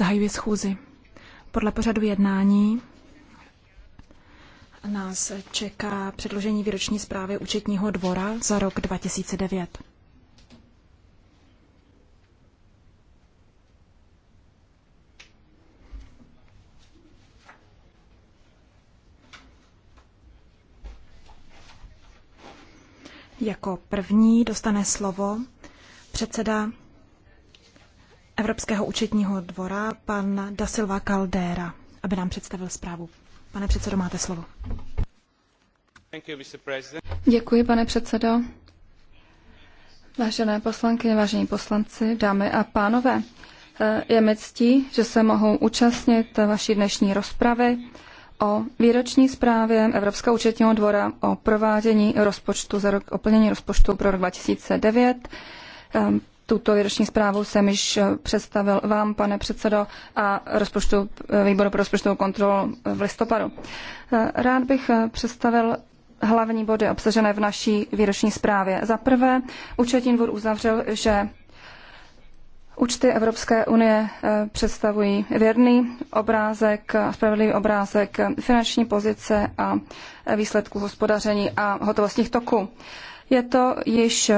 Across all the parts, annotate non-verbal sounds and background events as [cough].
Zahajuji schůzi. Podle pořadu jednání nás čeká předložení výroční zprávy účetního dvora za rok 2009. Jako první dostane slovo předseda Evropského účetního dvora, pan Da Silva Caldera, aby nám představil zprávu. Pane předsedo, máte slovo. Děkuji, pane předsedo. Vážené poslankyně, vážení poslanci, dámy a pánové, je mi ctí, že se mohou účastnit vaší dnešní rozpravy o výroční zprávě Evropského účetního dvora o provádění rozpočtu za rok, o plnění rozpočtu pro rok 2009 tuto výroční zprávu jsem již eh, představil vám, pane předsedo, a rozpočtu, eh, výboru pro rozpočtovou kontrolu v listopadu. Eh, rád bych představil hlavní body obsažené v naší výroční zprávě. Za prvé, účetní dvůr uzavřel, že Účty Evropské unie představují věrný obrázek, spravedlivý obrázek finanční pozice a výsledků hospodaření a hotovostních toků. Je to již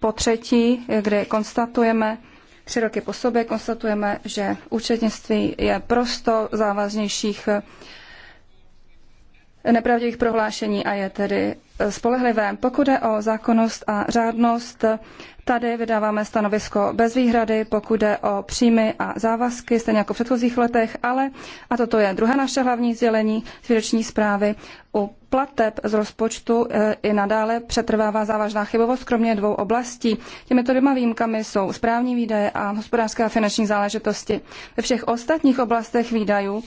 po třetí, kdy konstatujeme, tři roky po sobě konstatujeme, že účetnictví je prosto závaznějších nepravdivých prohlášení a je tedy eh, spolehlivé. Pokud je o zákonnost a řádnost, tady vydáváme stanovisko bez výhrady, pokud je o příjmy a závazky, stejně jako v předchozích letech, ale, a toto je druhé naše hlavní sdělení z výroční zprávy, u plateb z rozpočtu eh, i nadále přetrvává závažná chybovost, kromě dvou oblastí. Těmito dvěma výjimkami jsou správní výdaje a hospodářské a finanční záležitosti. Ve všech ostatních oblastech výdajů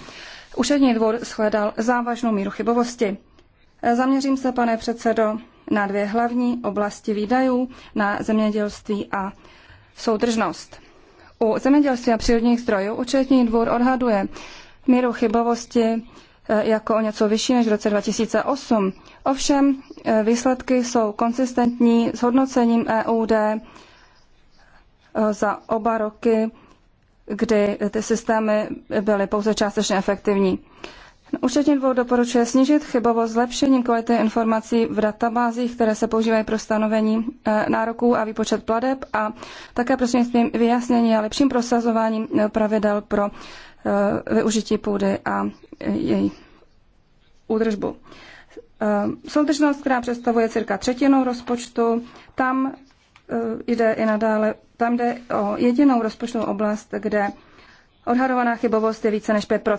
Účetní dvůr shledal závažnou míru chybovosti. Zaměřím se, pane předsedo, na dvě hlavní oblasti výdajů, na zemědělství a soudržnost. U zemědělství a přírodních zdrojů účetní dvůr odhaduje míru chybovosti eh, jako o něco vyšší než v roce 2008. Ovšem eh, výsledky jsou konsistentní s hodnocením EUD eh, za oba roky kdy ty systémy byly pouze částečně efektivní. No, účetní dvou doporučuje snížit chybovost zlepšením kvality informací v databázích, které se používají pro stanovení eh, nároků a výpočet pladeb a také prostřednictvím vyjasnění a lepším prosazováním eh, pravidel pro eh, využití půdy a její údržbu. Soudržnost, která představuje cirka třetinu rozpočtu, tam Eh, jde i nadále. Tam jde o jedinou rozpočtovou oblast, kde odhadovaná chybovost je více než 5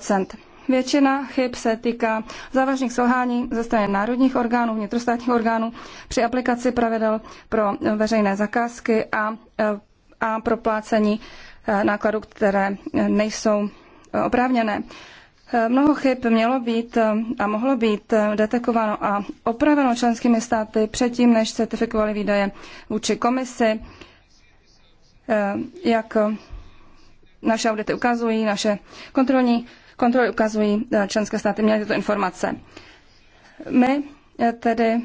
Většina chyb se týká závažných selhání ze strany národních orgánů, vnitrostátních orgánů při aplikaci pravidel pro veřejné zakázky a, eh, a proplácení eh, nákladů, které nejsou oprávněné. Eh, mnoho chyb mělo být eh, a mohlo být eh, detekováno a opraveno členskými státy předtím, než certifikovali výdaje vůči komisi. Jak naše audity ukazují, naše kontrolní kontroly ukazují, členské státy měly tyto informace. My tedy,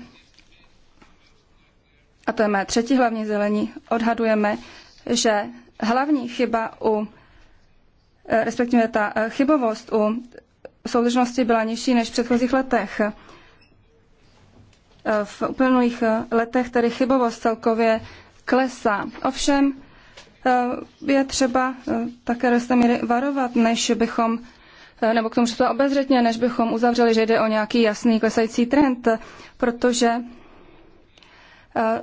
a to je mé třetí hlavní zelení, odhadujeme, že hlavní chyba u Eh, respektive ta eh, chybovost u soudržnosti byla nižší než v předchozích letech. Eh, v uplynulých letech tedy chybovost celkově klesá. Ovšem je třeba také do jisté míry varovat, než bychom nebo k tomu to obezřetně, než bychom uzavřeli, že jde o nějaký jasný klesající trend, protože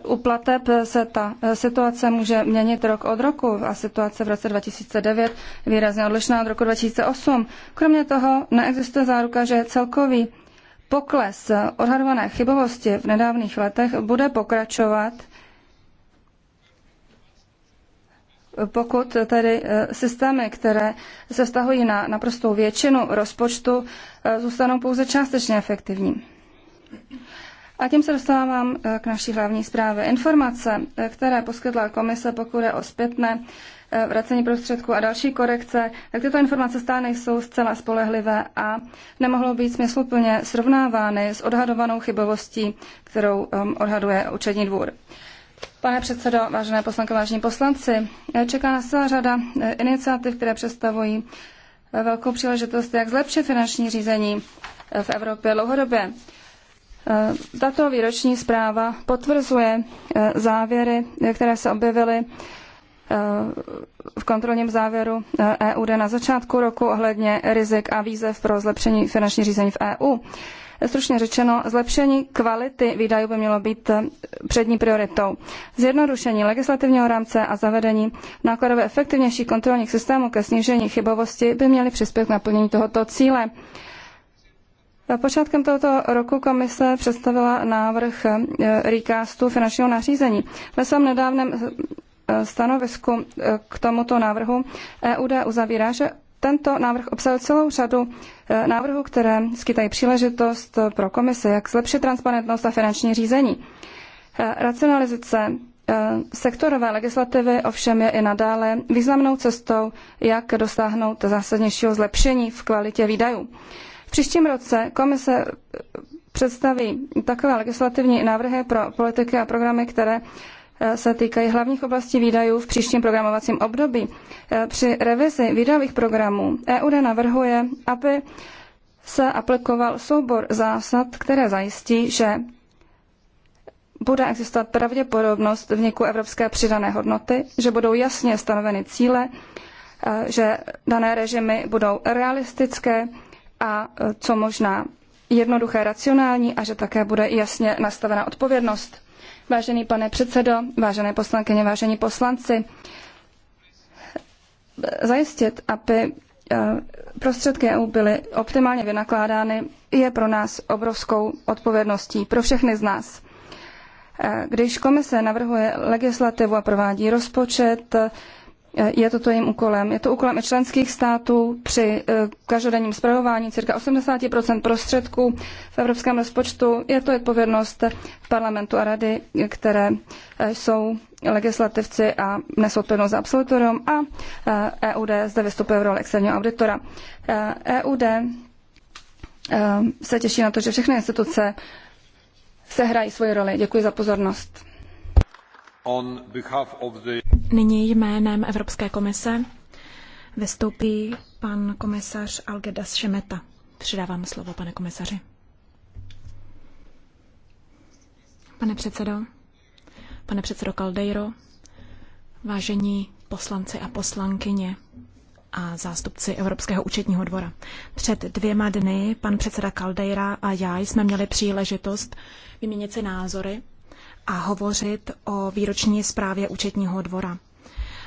u plateb se ta situace může měnit rok od roku a situace v roce 2009 výrazně odlišná od roku 2008. Kromě toho neexistuje záruka, že celkový pokles odhadované chybovosti v nedávných letech bude pokračovat, pokud tedy e, systémy, které se vztahují na naprostou většinu rozpočtu, e, zůstanou pouze částečně efektivní. A tím se dostávám eh, k naší hlavní zprávě. Informace, eh, které poskytla komise, pokud je o zpětné eh, vracení prostředků a další korekce, tak tyto informace stále nejsou zcela spolehlivé a nemohlo být smysluplně srovnávány s odhadovanou chybovostí, kterou ehm, odhaduje účetní dvůr. Pane předsedo, vážené poslanky, vážení poslanci, čeká nás celá řada iniciativ, které představují velkou příležitost, jak zlepšit finanční řízení v Evropě dlouhodobě. Eh, tato výroční zpráva potvrzuje eh, závěry, eh, které se objevily v kontrolním závěru EUD e na začátku roku ohledně rizik a výzev pro zlepšení finanční řízení v EU. Stručně řečeno, zlepšení kvality výdajů by mělo být přední prioritou. Zjednodušení legislativního rámce a zavedení nákladově efektivnějších kontrolních systémů ke snížení chybovosti by měly přispět k naplnění tohoto cíle. Počátkem tohoto roku komise představila návrh eh, recastu finančního nařízení. Ve svém nedávném eh, stanovisku eh, k tomuto návrhu EUD uzavírá, že tento návrh obsahuje celou řadu návrhů, které skytají příležitost pro komise, jak zlepšit transparentnost a finanční řízení. Racionalizace sektorové legislativy ovšem je i nadále významnou cestou, jak dosáhnout zásadnějšího zlepšení v kvalitě výdajů. V příštím roce komise eh, představí takové legislativní návrhy pro politiky a programy, které eh, se týkají hlavních oblastí výdajů v příštím programovacím období. Eh, při revizi výdajových programů EUD navrhuje, aby se aplikoval soubor zásad, které zajistí, že bude existovat pravděpodobnost vzniku evropské přidané hodnoty, že budou jasně stanoveny cíle, že dané režimy budou realistické, a e, co možná jednoduché, racionální a že také bude jasně nastavena odpovědnost. Vážený pane předsedo, vážené poslankyně, vážení poslanci, e, zajistit, aby e, prostředky EU byly optimálně vynakládány, je pro nás obrovskou odpovědností, pro všechny z nás. Když komise navrhuje legislativu a provádí rozpočet, je toto jejím úkolem. Je to úkolem i členských států při eh, každodenním spravování cirka 80 prostředků v evropském rozpočtu. Je to odpovědnost parlamentu a rady, které eh, jsou legislativci a nesou odpovědnost za absolutorium a EUD eh, e zde vystupuje v roli externího auditora. EUD e se těší na to, že všechny instituce sehrají svoji roli. Děkuji za pozornost. Nyní jménem Evropské komise vystoupí pan komisař Algedas Šemeta. Předávám slovo, pane komisaři. Pane předsedo, pane předsedo Caldeiro, vážení poslanci a poslankyně a zástupci Evropského účetního dvora. Před dvěma dny pan předseda Caldeira a já jsme měli příležitost vyměnit si názory a hovořit o výroční zprávě účetního dvora.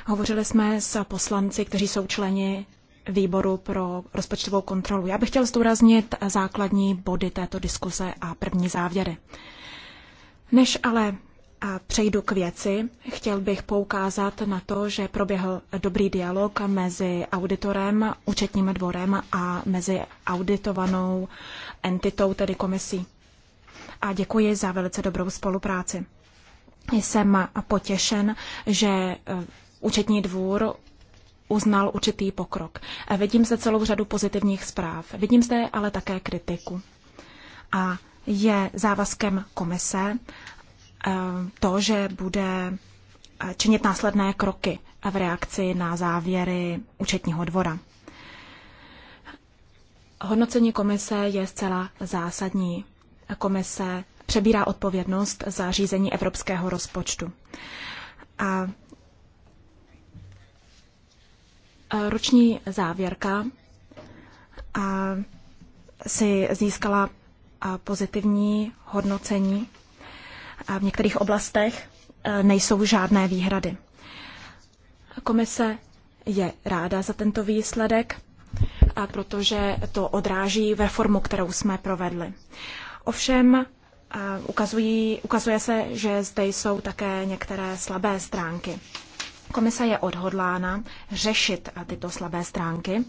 Hovořili jsme s poslanci, kteří jsou členi výboru pro rozpočtovou kontrolu. Já bych chtěl zdůraznit základní body této diskuse a první závěry. Než ale přejdu k věci, chtěl bych poukázat na to, že proběhl dobrý dialog mezi auditorem, účetním dvorem a mezi auditovanou entitou, tedy komisí a děkuji za velice dobrou spolupráci. Jsem potěšen, že eh, účetní dvůr uznal určitý pokrok. Eh, vidím zde celou řadu pozitivních zpráv. Vidím zde ale také kritiku. A je závazkem komise eh, to, že bude činit následné kroky v reakci na závěry účetního dvora. Hodnocení komise je zcela zásadní komise přebírá odpovědnost za řízení evropského rozpočtu. A roční závěrka a si získala pozitivní hodnocení. A v některých oblastech e, nejsou žádné výhrady. Komise je ráda za tento výsledek, a protože to odráží reformu, kterou jsme provedli. Ovšem eh, ukazují, ukazuje se, že zde jsou také některé slabé stránky. Komise je odhodlána řešit eh, tyto slabé stránky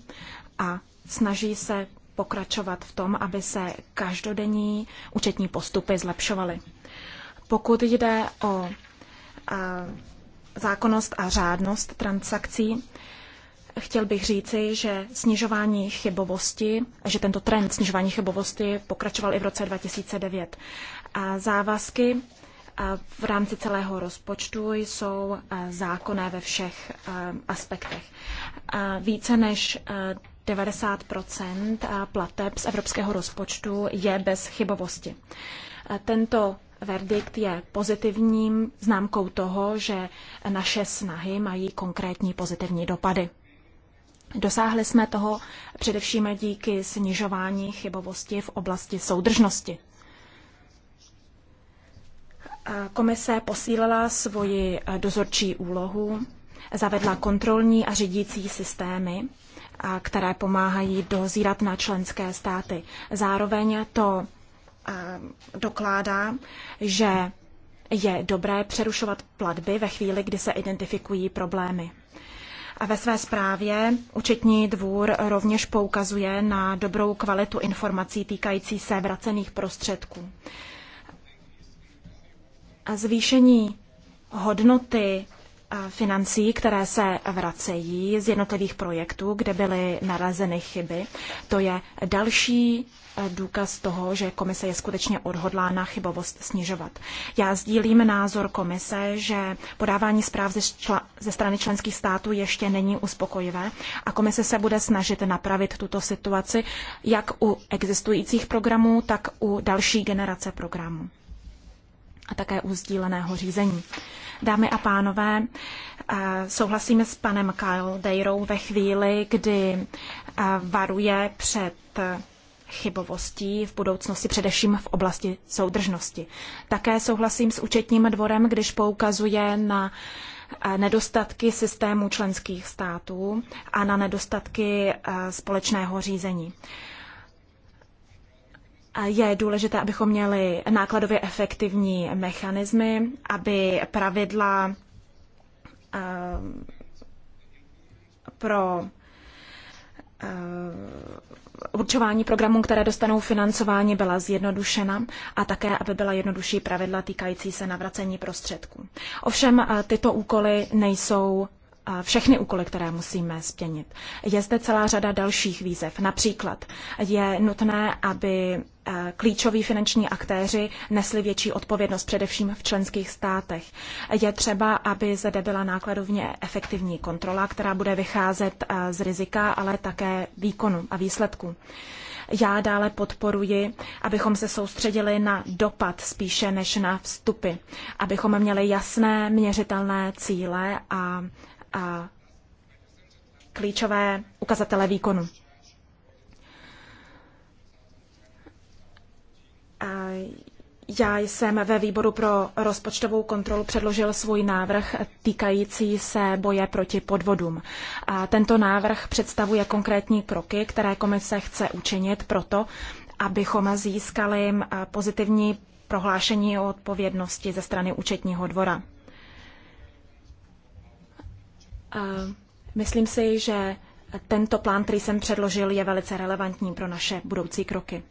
a snaží se pokračovat v tom, aby se každodenní účetní postupy zlepšovaly. Pokud jde o eh, zákonnost a řádnost transakcí, chtěl bych říci, že snižování chybovosti, že tento trend snižování chybovosti pokračoval i v roce 2009. A závazky v rámci celého rozpočtu jsou zákonné ve všech aspektech. Více než 90 plateb z evropského rozpočtu je bez chybovosti. Tento verdikt je pozitivním známkou toho, že naše snahy mají konkrétní pozitivní dopady. Dosáhli jsme toho především díky snižování chybovosti v oblasti soudržnosti. Komise posílila svoji dozorčí úlohu, zavedla kontrolní a řídící systémy, které pomáhají dozírat na členské státy. Zároveň to dokládá, že je dobré přerušovat platby ve chvíli, kdy se identifikují problémy. A ve své zprávě účetní dvůr rovněž poukazuje na dobrou kvalitu informací týkající se vracených prostředků. A zvýšení hodnoty financí, které se vracejí z jednotlivých projektů, kde byly narazeny chyby. To je další eh, důkaz toho, že komise je skutečně odhodlána chybovost snižovat. Já sdílím názor komise, že podávání zpráv ze, čla, ze strany členských států ještě není uspokojivé a komise se bude snažit napravit tuto situaci jak u existujících programů, tak u další generace programů a také u sdíleného řízení. Dámy a pánové, eh, souhlasíme s panem Kyle Dejrou ve chvíli, kdy eh, varuje před eh, chybovostí v budoucnosti, především v oblasti soudržnosti. Také souhlasím s účetním dvorem, když poukazuje na nedostatky systému členských států a na nedostatky společného řízení je důležité, abychom měli nákladově efektivní mechanismy, aby pravidla eh, pro eh, určování programů, které dostanou financování, byla zjednodušena a také, aby byla jednodušší pravidla týkající se navracení prostředků. Ovšem eh, tyto úkoly nejsou všechny úkoly, které musíme splnit. Je zde celá řada dalších výzev. Například je nutné, aby eh, klíčoví finanční aktéři nesli větší odpovědnost především v členských státech. Je třeba, aby zde byla nákladovně efektivní kontrola, která bude vycházet eh, z rizika, ale také výkonu a výsledku. Já dále podporuji, abychom se soustředili na dopad spíše než na vstupy, abychom měli jasné, měřitelné cíle a a klíčové ukazatele výkonu. Já jsem ve výboru pro rozpočtovou kontrolu předložil svůj návrh týkající se boje proti podvodům. A tento návrh představuje konkrétní kroky, které komise chce učinit proto, abychom získali pozitivní prohlášení o odpovědnosti ze strany účetního dvora. Myslím si, že tento plán, který jsem předložil, je velice relevantní pro naše budoucí kroky.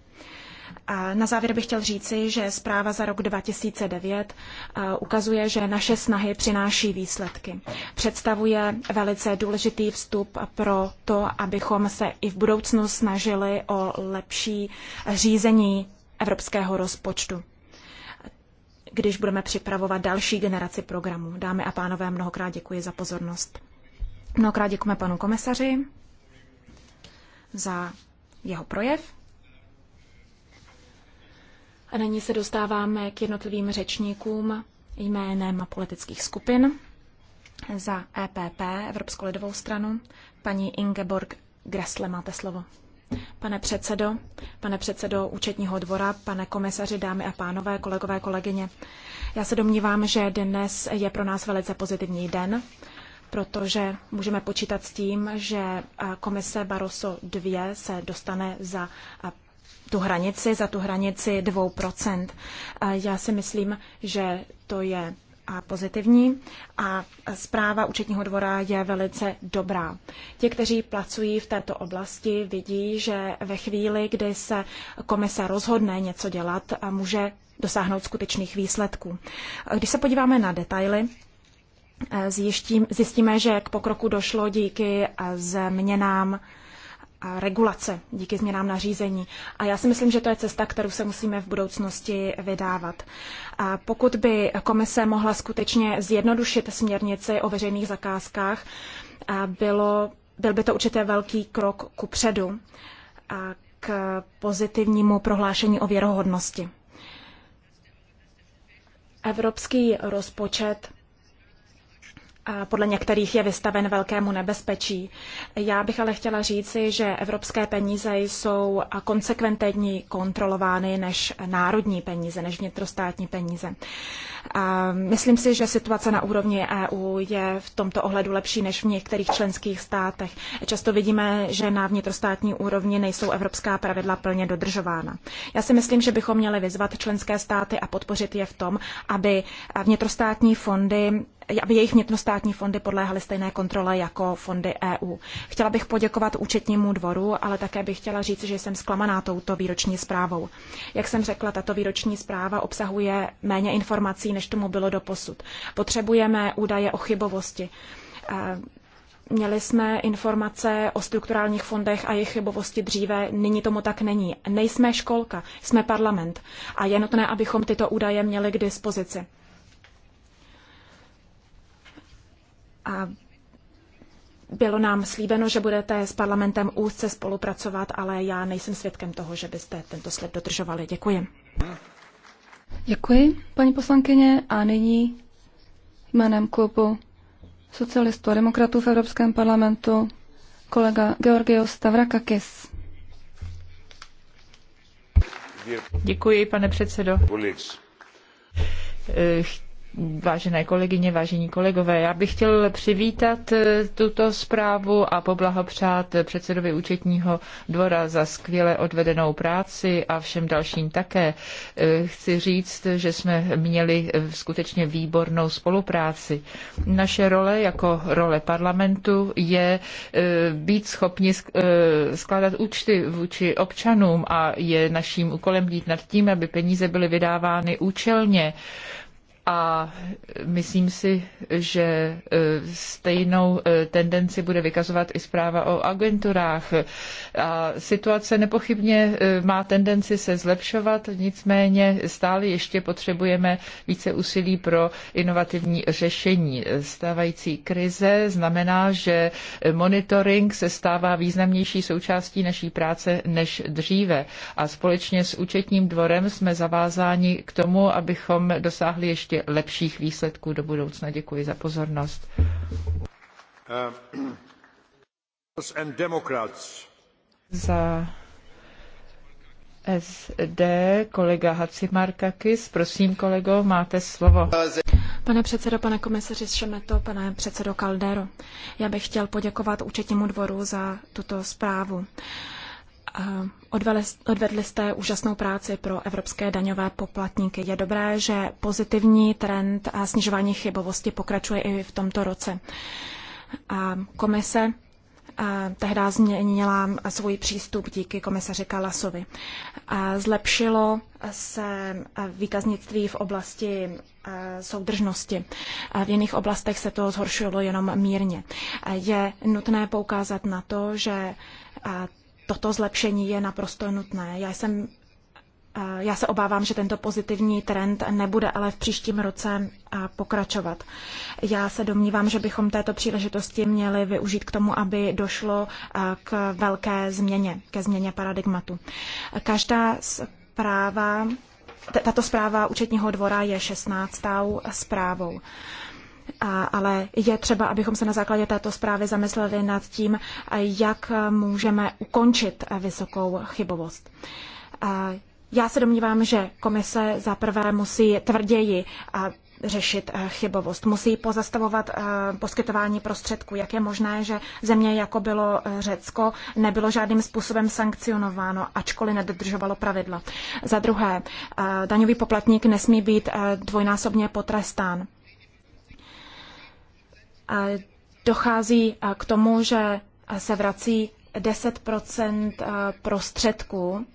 A na závěr bych chtěl říci, že zpráva za rok 2009 ukazuje, že naše snahy přináší výsledky. Představuje velice důležitý vstup pro to, abychom se i v budoucnu snažili o lepší řízení evropského rozpočtu když budeme připravovat další generaci programů. Dámy a pánové, mnohokrát děkuji za pozornost. Mnohokrát děkujeme panu komisaři za jeho projev. A nyní se dostáváme k jednotlivým řečníkům jménem politických skupin. Za EPP, Evropskou lidovou stranu, paní Ingeborg Gressle, máte slovo. Pane předsedo, pane předsedo účetního dvora, pane komisaři, dámy a pánové, kolegové, kolegyně. Já se domnívám, že dnes je pro nás velice pozitivní den protože můžeme počítat s tím, že komise Barroso 2 se dostane za tu hranici, za tu hranici 2%. Já si myslím, že to je a pozitivní a zpráva účetního dvora je velice dobrá. Ti, kteří pracují v této oblasti, vidí, že ve chvíli, kdy se komise rozhodne něco dělat, může dosáhnout skutečných výsledků. Když se podíváme na detaily, Eh, zjištím, zjistíme, že k pokroku došlo díky eh, změnám eh, regulace, díky změnám nařízení. A já si myslím, že to je cesta, kterou se musíme v budoucnosti vydávat. A pokud by komise mohla skutečně zjednodušit směrnici o veřejných zakázkách, bylo, byl by to určitě velký krok ku předu a k pozitivnímu prohlášení o věrohodnosti. Evropský rozpočet podle některých je vystaven velkému nebezpečí. Já bych ale chtěla říci, že evropské peníze jsou konsekventně kontrolovány než národní peníze, než vnitrostátní peníze. A myslím si, že situace na úrovni EU je v tomto ohledu lepší než v některých členských státech. Často vidíme, že na vnitrostátní úrovni nejsou evropská pravidla plně dodržována. Já si myslím, že bychom měli vyzvat členské státy a podpořit je v tom, aby vnitrostátní fondy aby jejich vnitrostátní fondy podléhaly stejné kontrole jako fondy EU. Chtěla bych poděkovat účetnímu dvoru, ale také bych chtěla říct, že jsem zklamaná touto výroční zprávou. Jak jsem řekla, tato výroční zpráva obsahuje méně informací, než tomu bylo posud. Potřebujeme údaje o chybovosti. Eh, měli jsme informace o strukturálních fondech a jejich chybovosti dříve, nyní tomu tak není. Nejsme školka, jsme parlament a je nutné, abychom tyto údaje měli k dispozici. A bylo nám slíbeno, že budete s parlamentem úzce spolupracovat, ale já nejsem svědkem toho, že byste tento slib dodržovali. Děkuji. Děkuji, paní poslankyně. A nyní jménem klubu socialistů a demokratů v Evropském parlamentu kolega Georgios Stavrakakis. Děkuji, pane předsedo. Vážené kolegyně, vážení kolegové, já bych chtěl přivítat eh, tuto zprávu a poblahopřát předsedovi účetního dvora za skvěle odvedenou práci a všem dalším také. Eh, chci říct, že jsme měli eh, skutečně výbornou spolupráci. Naše role jako role parlamentu je být schopni skládat účty vůči občanům a je naším úkolem být nad tím, aby peníze byly vydávány účelně a myslím si, že e, stejnou e, tendenci bude vykazovat i zpráva o agenturách. A situace nepochybně e, má tendenci se zlepšovat, nicméně stále ještě potřebujeme více úsilí pro inovativní řešení. Stávající krize znamená, že monitoring se stává významnější součástí naší práce než dříve. A společně s účetním dvorem jsme zavázáni k tomu, abychom dosáhli ještě ještě lepších výsledků do budoucna. Děkuji za pozornost. Uh, za SD kolega Hacimarkakis. Prosím, kolego, máte slovo. Pane předsedo, pane komisaři Šemeto, pane předsedo Caldero, já bych chtěl poděkovat účetnímu dvoru za tuto zprávu. Odvedli, jste úžasnou práci pro evropské daňové poplatníky. Je dobré, že pozitivní trend a snižování chybovosti pokračuje i v tomto roce. A komise tehdy změnila svůj přístup díky komisaři Kalasovi. A zlepšilo se výkaznictví v oblasti soudržnosti. A v jiných oblastech se to zhoršilo jenom mírně. Je nutné poukázat na to, že toto zlepšení je naprosto nutné. Já jsem eh, já se obávám, že tento pozitivní trend nebude ale v příštím roce eh, pokračovat. Já se domnívám, že bychom této příležitosti měli využít k tomu, aby došlo eh, k velké změně, ke změně paradigmatu. Každá zpráva, tato zpráva účetního dvora je 16. zprávou ale je třeba, abychom se na základě této zprávy zamysleli nad tím, jak můžeme ukončit vysokou chybovost. Já se domnívám, že komise zaprvé musí tvrději řešit chybovost. Musí pozastavovat poskytování prostředků. Jak je možné, že země, jako bylo Řecko, nebylo žádným způsobem sankcionováno, ačkoliv nedodržovalo pravidla. Za druhé, daňový poplatník nesmí být dvojnásobně potrestán dochází k tomu, že se vrací 10 prostředků,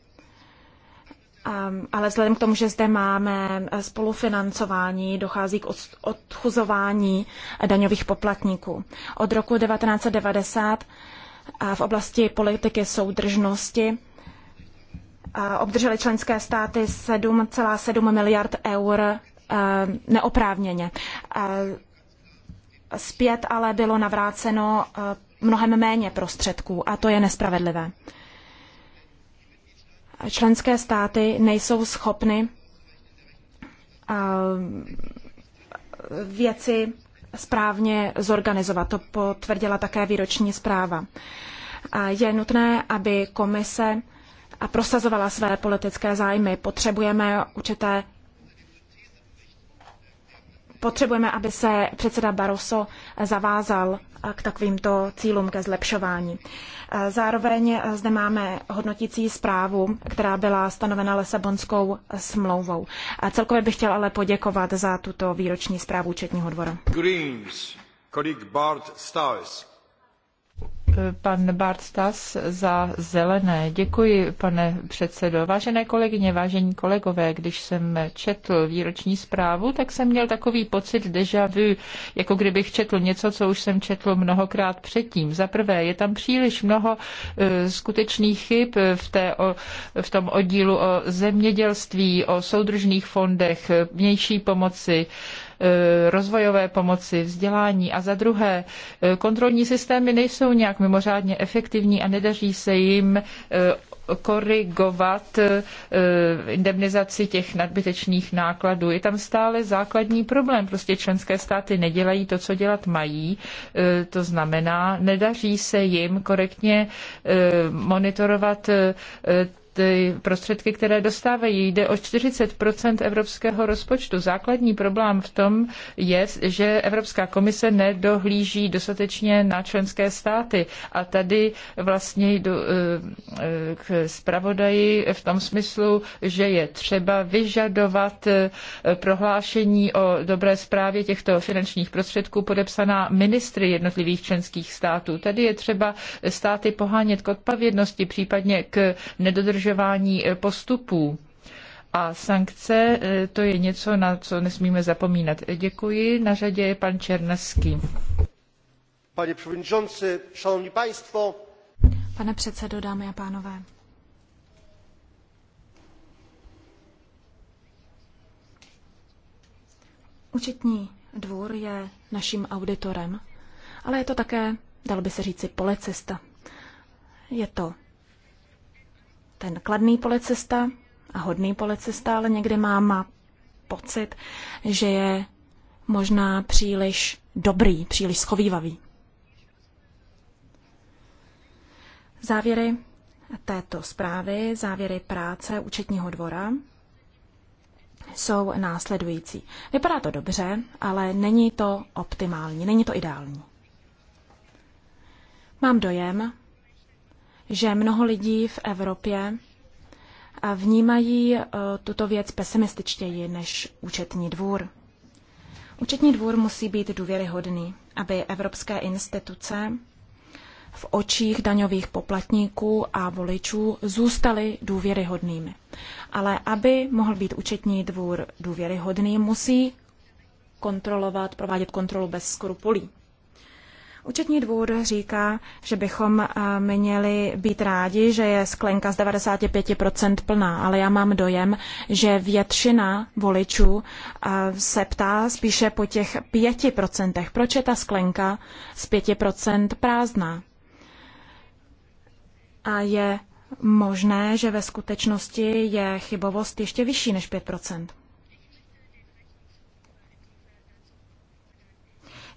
ale vzhledem k tomu, že zde máme spolufinancování, dochází k odchuzování daňových poplatníků. Od roku 1990 v oblasti politiky soudržnosti obdržely členské státy 7,7 miliard eur neoprávněně zpět ale bylo navráceno eh, mnohem méně prostředků a to je nespravedlivé. Členské státy nejsou schopny eh, věci správně zorganizovat. To potvrdila také výroční zpráva. Je nutné, aby komise prosazovala své politické zájmy. Potřebujeme určité potřebujeme, aby se předseda Barroso zavázal eh, k takovýmto cílům ke zlepšování. Eh, zároveň eh, zde máme hodnotící zprávu, která byla stanovena Lesabonskou smlouvou. A celkově bych chtěl ale poděkovat za tuto výroční zprávu Četního dvora. Greens, kolik Bart pan Bart Stas za zelené. Děkuji, pane předsedo. Vážené kolegyně, vážení kolegové, když jsem četl výroční zprávu, tak jsem měl takový pocit deja vu, jako kdybych četl něco, co už jsem četl mnohokrát předtím. Za prvé, je tam příliš mnoho e, skutečných chyb v, té, v tom oddílu o zemědělství, o soudržných fondech, vnější pomoci, E, rozvojové pomoci, vzdělání a za druhé e, kontrolní systémy nejsou nějak mimořádně efektivní a nedaří se jim e, korigovat indemnizaci těch nadbytečných nákladů. Je tam stále základní problém. Prostě členské státy nedělají to, co dělat mají. To znamená, nedaří se jim korektně monitorovat ty prostředky, které dostávají. Jde o 40 evropského rozpočtu. Základní problém v tom je, že Evropská komise nedohlíží dostatečně na členské státy. A tady vlastně jdu eh, eh, k zpravodaji v tom smyslu, že je třeba vyžadovat eh, prohlášení o dobré zprávě těchto finančních prostředků podepsaná ministry jednotlivých členských států. Tady je třeba státy pohánět k odpovědnosti, případně k nedodržování dodržování eh, postupů. A sankce, eh, to je něco, na co nesmíme zapomínat. Děkuji. Na řadě je pan Černeský. Pane předsedající, šanovní państwo. Pane předsedo, dámy a pánové. Účetní dvůr je naším auditorem, ale je to také, dal by se říci, policista. Je to ten kladný policista a hodný policista, ale někdy mám pocit, že je možná příliš dobrý, příliš schovývavý. Závěry této zprávy, závěry práce účetního dvora jsou následující. Vypadá to dobře, ale není to optimální, není to ideální. Mám dojem, že mnoho lidí v Evropě eh, vnímají eh, tuto věc pesimističtěji než účetní dvůr. Účetní dvůr musí být důvěryhodný, aby evropské instituce v očích daňových poplatníků a voličů zůstaly důvěryhodnými. Ale aby mohl být účetní dvůr důvěryhodný, musí kontrolovat, provádět kontrolu bez skrupulí. Účetní dvůr říká, že bychom eh, měli být rádi, že je sklenka z 95% plná, ale já mám dojem, že většina voličů eh, se ptá spíše po těch 5%. Proč je ta sklenka z 5% prázdná? A je možné, že ve skutečnosti je chybovost ještě vyšší než 5%.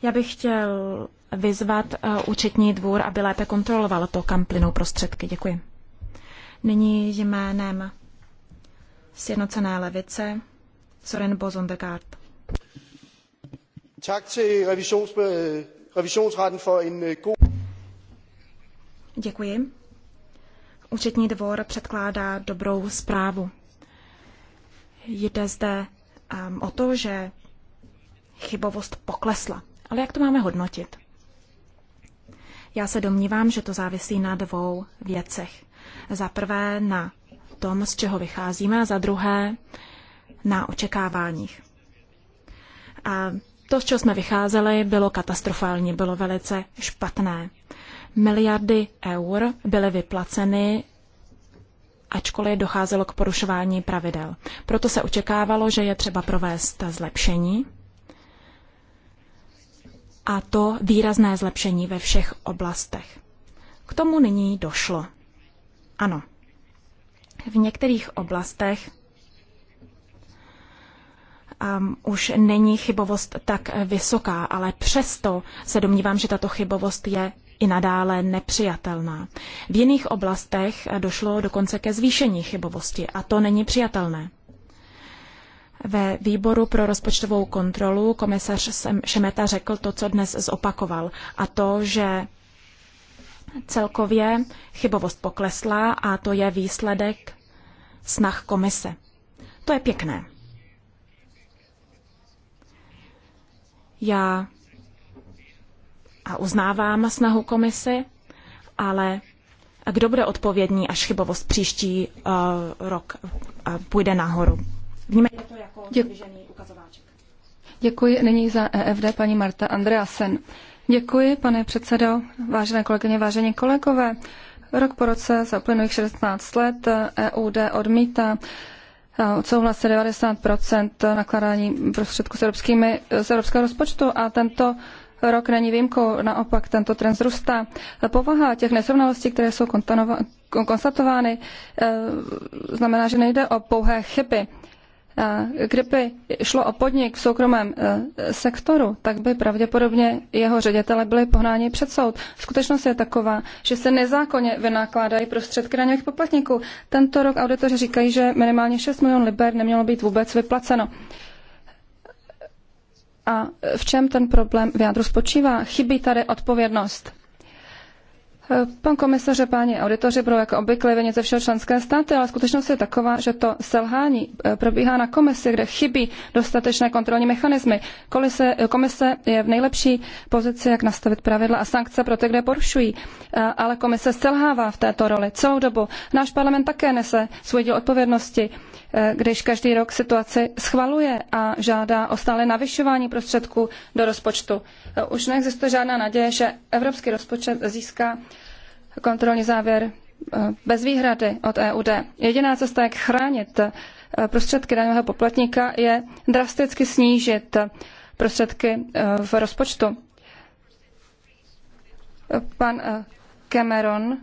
Já bych chtěl vyzvat eh, účetní dvůr, aby lépe kontroloval to, kam plynou prostředky. Děkuji. Nyní jménem Sjednocené levice Soren Bozondegard. Tak øh, for en øh, Děkuji. Účetní dvor předkládá dobrou zprávu. Jde zde um, o to, že chybovost poklesla. Ale jak to máme hodnotit? Já se domnívám, že to závisí na dvou věcech. Za prvé na tom, z čeho vycházíme, a za druhé na očekáváních. A to, z čeho jsme vycházeli, bylo katastrofální, bylo velice špatné. Miliardy eur byly vyplaceny, ačkoliv docházelo k porušování pravidel. Proto se očekávalo, že je třeba provést zlepšení a to výrazné zlepšení ve všech oblastech. K tomu nyní došlo. Ano, v některých oblastech um, už není chybovost tak vysoká, ale přesto se domnívám, že tato chybovost je i nadále nepřijatelná. V jiných oblastech došlo dokonce ke zvýšení chybovosti a to není přijatelné. Ve výboru pro rozpočtovou kontrolu komisař Šemeta řekl to, co dnes zopakoval, a to, že celkově chybovost poklesla a to je výsledek snah komise. To je pěkné. Já a uznávám snahu komise, ale kdo bude odpovědný, až chybovost příští uh, rok uh, půjde nahoru? Vnímejte to jako vyžený ukazováček. Děkuji. Nyní za EFD paní Marta Andreasen. Děkuji, pane předsedo, vážené kolegyně, vážení kolegové. Rok po roce za uplynulých 16 let EUD odmítá eh, odsouhlasit 90 nakládání prostředků s, evropskými, z evropského rozpočtu a tento rok není výjimkou, naopak tento trend zrůstá. Povaha těch nesrovnalostí, které jsou konstatovány, eh, znamená, že nejde o pouhé chyby. Kdyby šlo o podnik v soukromém e, sektoru, tak by pravděpodobně jeho ředitele byli pohnáni před soud. Skutečnost je taková, že se nezákonně vynakládají prostředky na nějakých poplatníků. Tento rok auditoři říkají, že minimálně 6 milionů liber nemělo být vůbec vyplaceno. A v čem ten problém v jádru spočívá? Chybí tady odpovědnost. Pan komisaře, páni auditoři budou jako obvykle vinit ze všeho členské státy, ale skutečnost je taková, že to selhání eh, probíhá na komisi, kde chybí dostatečné kontrolní mechanismy. Komise, eh, komise je v nejlepší pozici, jak nastavit pravidla a sankce pro ty, kde porušují, eh, ale komise selhává v této roli celou dobu. Náš parlament také nese svůj díl odpovědnosti, když každý rok situaci schvaluje a žádá o stále navyšování prostředků do rozpočtu. Už neexistuje žádná naděje, že evropský rozpočet získá kontrolní závěr eh, bez výhrady od EUD. Jediná cesta, jak chránit eh, prostředky daňového poplatníka, je drasticky snížit eh, prostředky v rozpočtu. Pan Cameron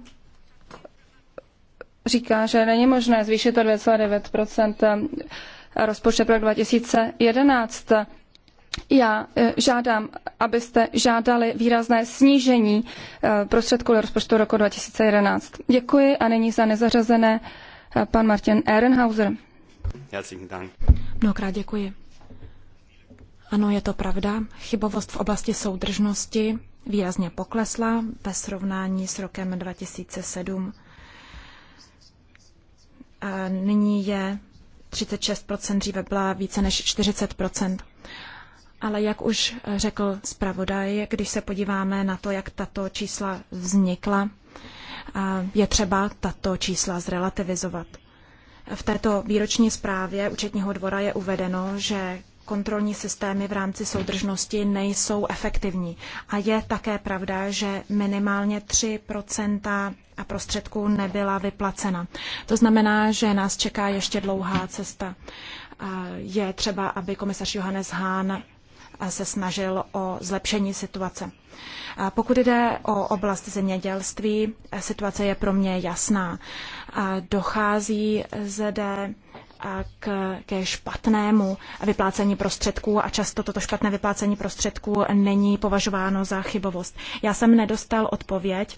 říká, že není možné zvýšit o 2,9 rozpočet pro 2011. Já eh, žádám, abyste žádali výrazné snížení eh, prostředků do rozpočtu roku 2011. Děkuji a nyní za nezařazené eh, pan Martin Ehrenhauser. Mnohokrát děkuji. Ano, je to pravda. Chybovost v oblasti soudržnosti výrazně poklesla ve srovnání s rokem 2007. A nyní je 36%, dříve byla více než 40%. Ale jak už řekl zpravodaj, když se podíváme na to, jak tato čísla vznikla, je třeba tato čísla zrelativizovat. V této výroční zprávě účetního dvora je uvedeno, že kontrolní systémy v rámci soudržnosti nejsou efektivní. A je také pravda, že minimálně 3 a prostředků nebyla vyplacena. To znamená, že nás čeká ještě dlouhá cesta. Je třeba, aby komisař Johannes Hahn se snažil o zlepšení situace. Pokud jde o oblast zemědělství, situace je pro mě jasná. Dochází zde k, ke špatnému vyplácení prostředků a často toto špatné vyplácení prostředků není považováno za chybovost. Já jsem nedostal odpověď,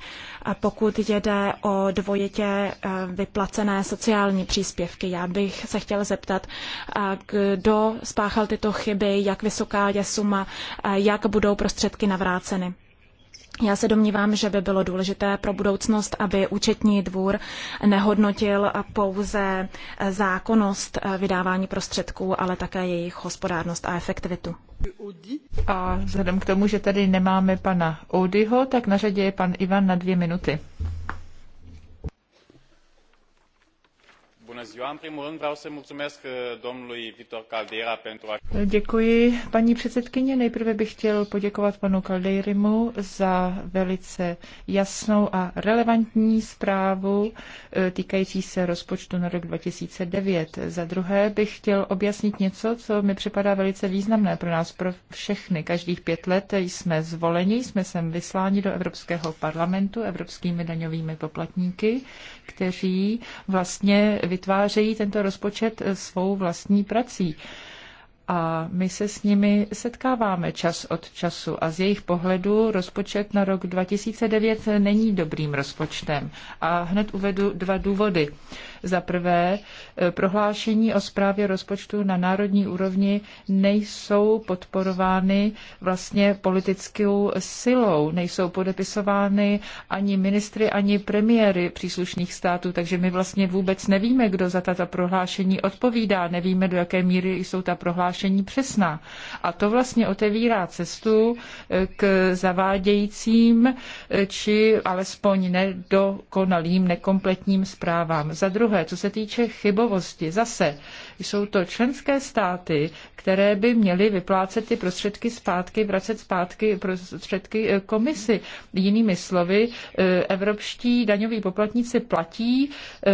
pokud jde o dvojitě e, vyplacené sociální příspěvky. Já bych se chtěl zeptat, e, kdo spáchal tyto chyby, jak vysoká je suma, e, jak budou prostředky navráceny. Já se domnívám, že by bylo důležité pro budoucnost, aby účetní dvůr nehodnotil pouze zákonnost vydávání prostředků, ale také jejich hospodárnost a efektivitu. A vzhledem k tomu, že tady nemáme pana Oudyho, tak na řadě je pan Ivan na dvě minuty. Eh, Děkuji, paní předsedkyně. Nejprve bych chtěl poděkovat panu Calderimu za velice jasnou a relevantní zprávu eh, týkající se rozpočtu na rok 2009. Za druhé bych chtěl objasnit něco, co mi připadá velice významné pro nás, pro všechny. Každých pět let jsme zvoleni, jsme sem vysláni do Evropského parlamentu evropskými daňovými poplatníky kteří vlastně vytvářejí tento rozpočet eh, svou vlastní prací a my se s nimi setkáváme čas od času a z jejich pohledu rozpočet na rok 2009 není dobrým rozpočtem. A hned uvedu dva důvody. Za prvé, e, prohlášení o zprávě rozpočtu na národní úrovni nejsou podporovány vlastně politickou silou, nejsou podepisovány ani ministry, ani premiéry příslušných států, takže my vlastně vůbec nevíme, kdo za tato prohlášení odpovídá, nevíme, do jaké míry jsou ta prohlášení přesná. A to vlastně otevírá cestu e, k zavádějícím e, či alespoň nedokonalým, nekompletním zprávám. Za druhé, druhé, co se týče chybovosti, zase jsou to členské státy, které by měly vyplácet ty prostředky zpátky, vracet zpátky prostředky eh, komisy. Jinými slovy, eh, evropští daňoví poplatníci platí eh,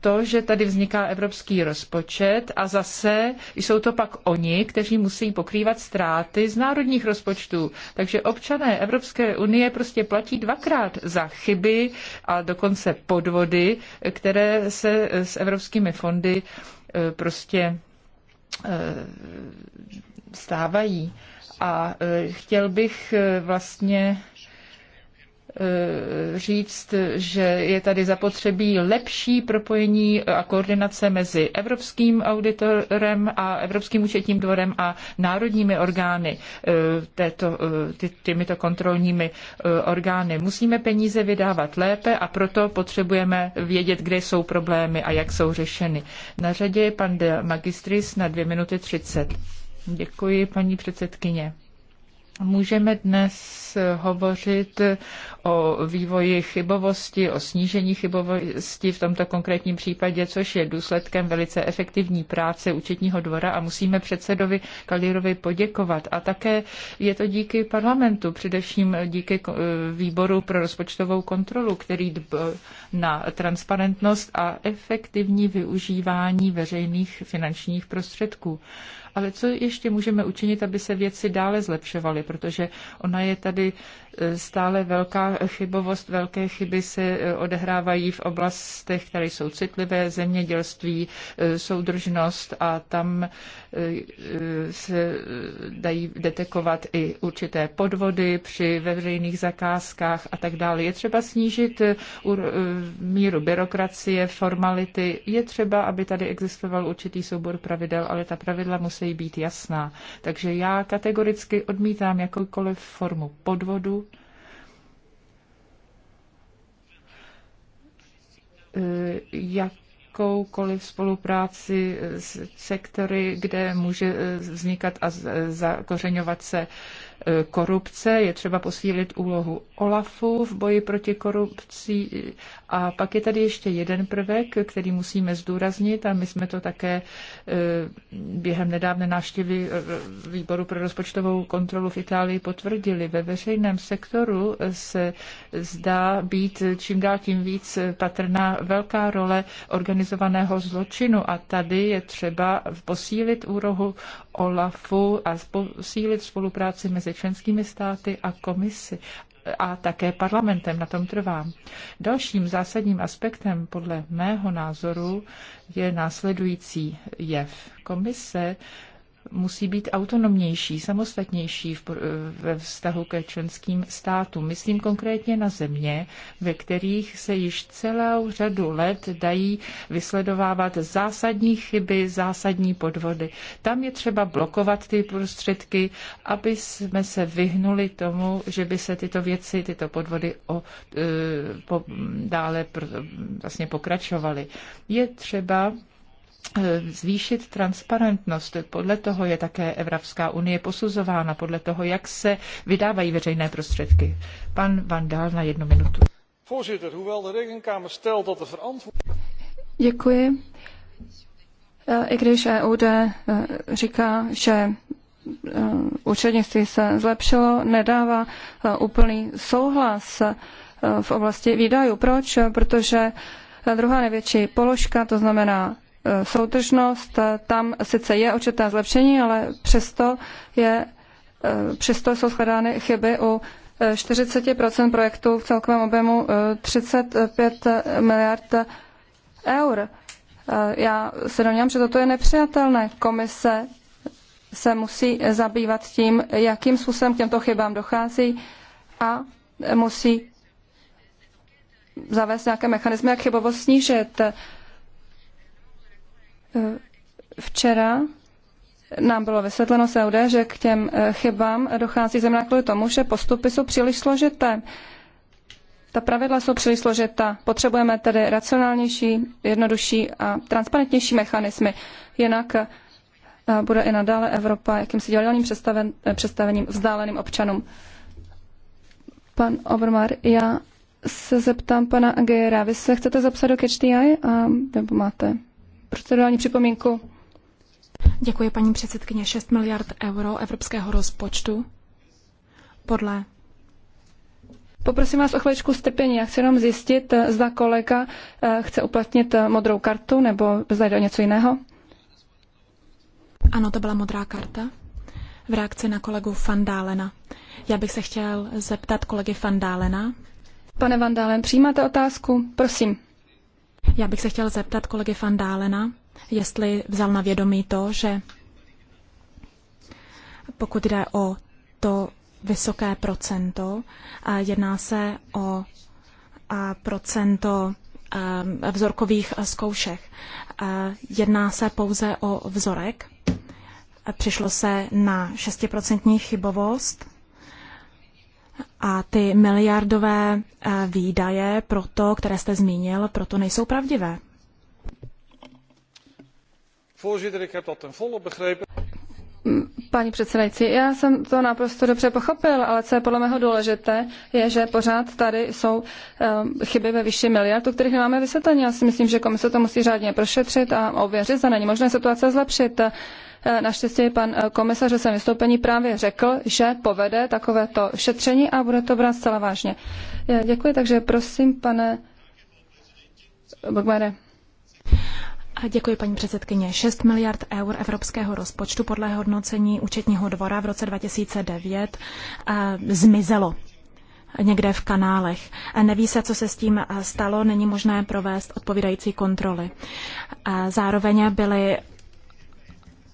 to, že tady vzniká evropský rozpočet a zase jsou to pak oni, kteří musí pokrývat ztráty z národních rozpočtů. Takže občané Evropské unie prostě platí dvakrát za chyby a dokonce podvody, které se s evropskými fondy E, prostě e, stávají. A e, chtěl bych vlastně Eh, říct, že je tady zapotřebí lepší propojení a koordinace mezi Evropským auditorem a Evropským účetním dvorem a národními orgány, eh, této, eh, ty, těmito kontrolními orgány. Musíme peníze vydávat lépe a proto potřebujeme vědět, kde jsou problémy a jak jsou řešeny. Na řadě je pan de Magistris na dvě minuty třicet. Děkuji, paní předsedkyně. Můžeme dnes hovořit o vývoji chybovosti, o snížení chybovosti v tomto konkrétním případě, což je důsledkem velice efektivní práce účetního dvora a musíme předsedovi Kalírovi poděkovat. A také je to díky parlamentu, především díky výboru pro rozpočtovou kontrolu, který na transparentnost a efektivní využívání veřejných finančních prostředků. Ale co ještě můžeme učinit, aby se věci dále zlepšovaly, protože ona je tady stále velká chybovost, velké chyby se eh, odehrávají v oblastech, které jsou citlivé, zemědělství, eh, soudržnost a tam eh, se dají detekovat i určité podvody při veřejných zakázkách a tak dále. Je třeba snížit míru byrokracie, formality. Je třeba, aby tady existoval určitý soubor pravidel, ale ta pravidla musí být jasná. Takže já kategoricky odmítám jakoukoliv formu podvodu, jakoukoliv spolupráci s sektory, kde může vznikat a zakořeňovat se E, korupce, je třeba posílit úlohu OLAFu v boji proti korupci. A pak je tady ještě jeden prvek, který musíme zdůraznit a my jsme to také e, během nedávné návštěvy e, výboru pro rozpočtovou kontrolu v Itálii potvrdili. Ve veřejném sektoru se zdá být čím dál tím víc patrná velká role organizovaného zločinu a tady je třeba posílit úrohu OLAFu a posílit spolupráci mezi členskými státy a komisi a také parlamentem, na tom trvám. Dalším zásadním aspektem podle mého názoru je následující jev. Komise musí být autonomnější, samostatnější ve vztahu ke členským státům. Myslím konkrétně na země, ve kterých se již celou řadu let dají vysledovávat zásadní chyby, zásadní podvody. Tam je třeba blokovat ty prostředky, aby jsme se vyhnuli tomu, že by se tyto věci, tyto podvody o, e, po, dále vlastně pokračovaly. Je třeba Eh, zvýšit transparentnost. Podle toho je také Evropská unie posuzována, podle toho, jak se vydávají veřejné prostředky. Pan Vandal na jednu minutu. Voorzitter, hoewel de rekenkamer stelt dat de verantwoordelijkheid. Děkuji. Eh, I když EUD eh, říká, že účetnictví se zlepšilo, nedává úplný souhlas v oblasti výdajů. Proč? Protože druhá největší položka, to znamená soudržnost, tam sice je určité zlepšení, ale přesto, je, eh, přesto jsou shledány chyby u 40 eh, projektů v celkovém objemu 35 eh, miliard eur. Já se domnívám, že toto je nepřijatelné. Komise se musí zabývat tím, jakým způsobem k těmto chybám dochází a musí zavést nějaké mechanizmy, jak chybovost snížit. Včera nám bylo vysvětleno SUD, e že k těm eh, chybám dochází zejména kvůli tomu, že postupy jsou příliš složité. Ta pravidla jsou příliš složitá. Potřebujeme tedy racionálnější, jednodušší a transparentnější mechanismy. Jinak eh, bude i nadále Evropa jakýmsi dělaným představen, eh, představením vzdáleným občanům. Pan Obermar, já se zeptám pana Agera. Vy se chcete zapsat do CatchDI? A, nebo máte procedurální připomínku. Děkuji, paní předsedkyně. 6 miliard euro evropského rozpočtu podle Poprosím vás o chviličku strpění. Já chci jenom zjistit, zda kolega eh, chce uplatnit eh, modrou kartu nebo zda jde o něco jiného. Ano, to byla modrá karta v reakci na kolegu Fandálena. Já bych se chtěl zeptat kolegy Fandálena. Pane Vandálen, přijímáte otázku? Prosím. Já bych se chtěl zeptat kolegy Van Dálena, jestli vzal na vědomí to, že pokud jde o to vysoké procento, jedná se o procento vzorkových zkoušek. Jedná se pouze o vzorek. Přišlo se na 6% chybovost a ty miliardové eh, výdaje pro to, které jste zmínil, proto nejsou pravdivé. Mm, Pani předsedající, já jsem to naprosto dobře pochopil, ale co je podle mého důležité, je, že pořád tady jsou eh, chyby ve vyšší miliardu, kterých nemáme vysvětlení. Já si myslím, že komise to musí řádně prošetřit a ověřit, za není možné situace zlepšit. Eh, naštěstí pan eh, komisař ve svém vystoupení právě řekl, že povede takovéto šetření a bude to brát zcela vážně. Děkuji, takže prosím, pane eh, Bogmere. Děkuji, paní předsedkyně. 6 miliard eur evropského rozpočtu podle hodnocení účetního dvora v roce 2009 zmizelo někde v kanálech. Neví se, co se s tím stalo, není možné provést odpovídající kontroly. Zároveň byly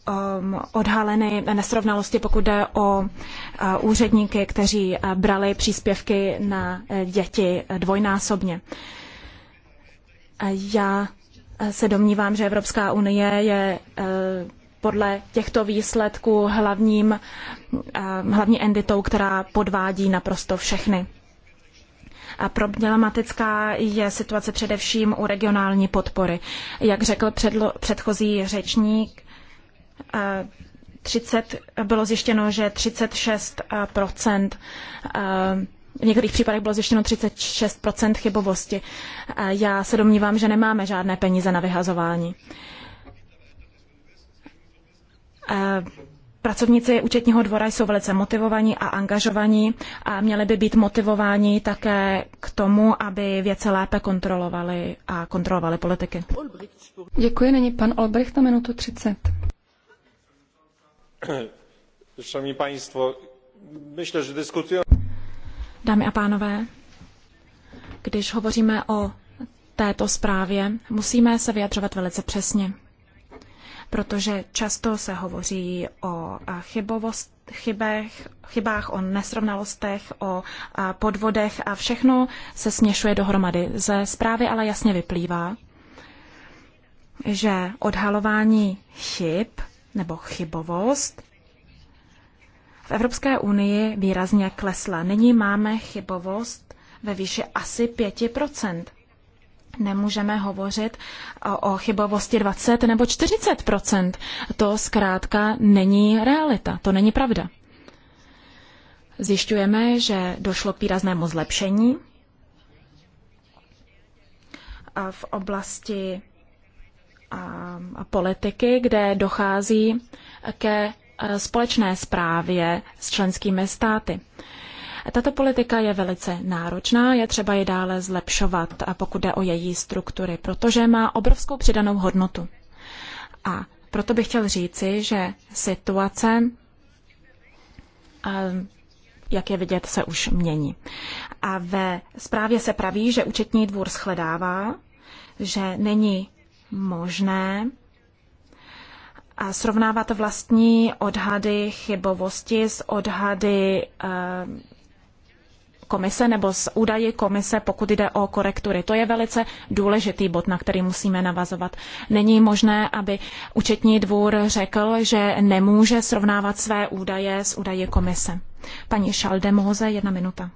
um, odhaleny nesrovnalosti, pokud jde o uh, úředníky, kteří uh, brali příspěvky na uh, děti dvojnásobně. Uh, já uh, se domnívám, že Evropská unie je uh, podle těchto výsledků hlavním, hlavní entitou, která podvádí naprosto všechny. A problematická je situace především u regionální podpory. Jak řekl předlo, předchozí řečník, 30, eh, bylo zjištěno, že 36 eh, eh, v některých případech bylo zjištěno 36 chybovosti. Já se domnívám, že nemáme žádné peníze na vyhazování. Pracovníci účetního dvora jsou velice motivovaní a angažovaní a měli by být motivováni také k tomu, aby věce lépe kontrolovali a kontrolovali politiky. Děkuji, není pan Olbrich na minutu 30. Dámy a pánové, když hovoříme o této zprávě, musíme se vyjadřovat velice přesně, protože často se hovoří o eh, chybovost, chybech, chybách, o nesrovnalostech, o eh, podvodech a všechno se směšuje dohromady. Ze zprávy ale jasně vyplývá, že odhalování chyb nebo chybovost v Evropské unii výrazně klesla. Nyní máme chybovost ve výši asi 5 Nemůžeme hovořit o, o chybovosti 20 nebo 40 To zkrátka není realita, to není pravda. Zjišťujeme, že došlo k výraznému zlepšení v oblasti a politiky, kde dochází ke e, společné správě s členskými státy. Tato politika je velice náročná, je třeba ji dále zlepšovat, pokud jde o její struktury, protože má obrovskou přidanou hodnotu. A proto bych chtěl říci, že situace, ehm, jak je vidět, se už mění. A ve zprávě se praví, že účetní dvůr shledává, že není možné a srovnávat vlastní odhady chybovosti s odhady eh, komise nebo s údaji komise, pokud jde o korektury. To je velice důležitý bod, na který musíme navazovat. Není možné, aby účetní dvůr řekl, že nemůže srovnávat své údaje s údaji komise. Paní Šaldemóze, jedna minuta.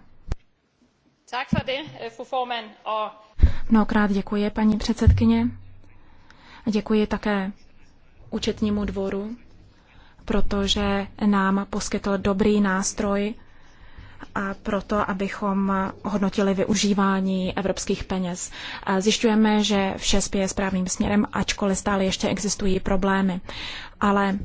Mnohokrát děkuji, paní předsedkyně. Děkuji také účetnímu dvoru, protože nám poskytl dobrý nástroj a proto, abychom hodnotili využívání evropských peněz. Zjišťujeme, že vše spěje správným směrem, ačkoliv stále ještě existují problémy. Ale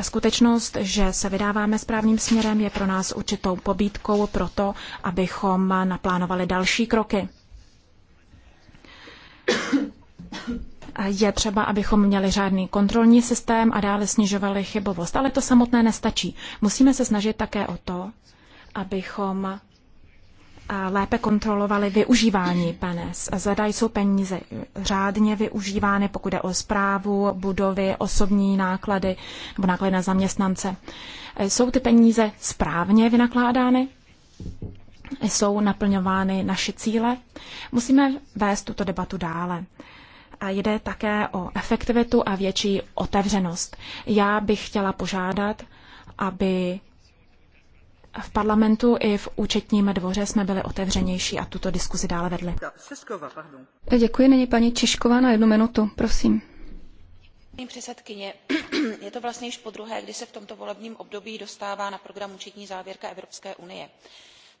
skutečnost, že se vydáváme správným směrem, je pro nás určitou pobídkou pro to, abychom naplánovali další kroky. Je třeba, abychom měli řádný kontrolní systém a dále snižovali chybovost. Ale to samotné nestačí. Musíme se snažit také o to, abychom lépe kontrolovali využívání peněz. Zda jsou peníze řádně využívány, pokud jde o zprávu, budovy, osobní náklady nebo náklady na zaměstnance. Jsou ty peníze správně vynakládány? Jsou naplňovány naše cíle? Musíme vést tuto debatu dále jde také o efektivitu a větší otevřenost. Já bych chtěla požádat, aby v parlamentu i v účetním dvoře jsme byli otevřenější a tuto diskuzi dále vedli. Děkuji, není paní Čišková na jednu minutu, prosím. Paní předsedkyně, je to vlastně již podruhé, kdy se v tomto volebním období dostává na program účetní závěrka Evropské unie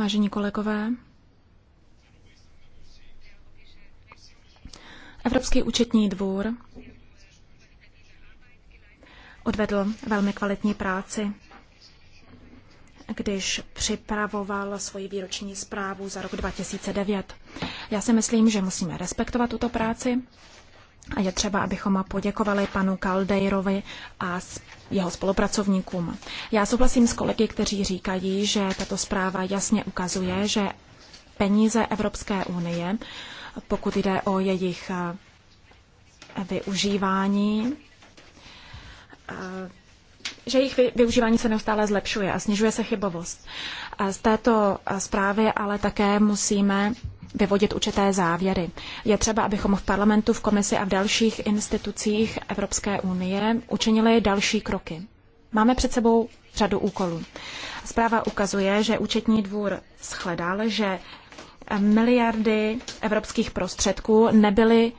Vážení kolegové, Evropský účetní dvůr odvedl velmi kvalitní práci, když připravoval svoji výroční zprávu za rok 2009. Já si myslím, že musíme respektovat tuto práci a je třeba, abychom poděkovali panu Kaldejrovi a jeho spolupracovníkům. Já souhlasím s kolegy, kteří říkají, že tato zpráva jasně ukazuje, že peníze Evropské unie, pokud jde o jejich eh, využívání, eh, že jejich využívání se neustále zlepšuje a snižuje se chybovost. Z této zprávy ale také musíme vyvodit určité závěry. Je třeba, abychom v parlamentu, v komisi a v dalších institucích Evropské unie učinili další kroky. Máme před sebou řadu úkolů. Zpráva ukazuje, že účetní dvůr shledal, že miliardy evropských prostředků nebyly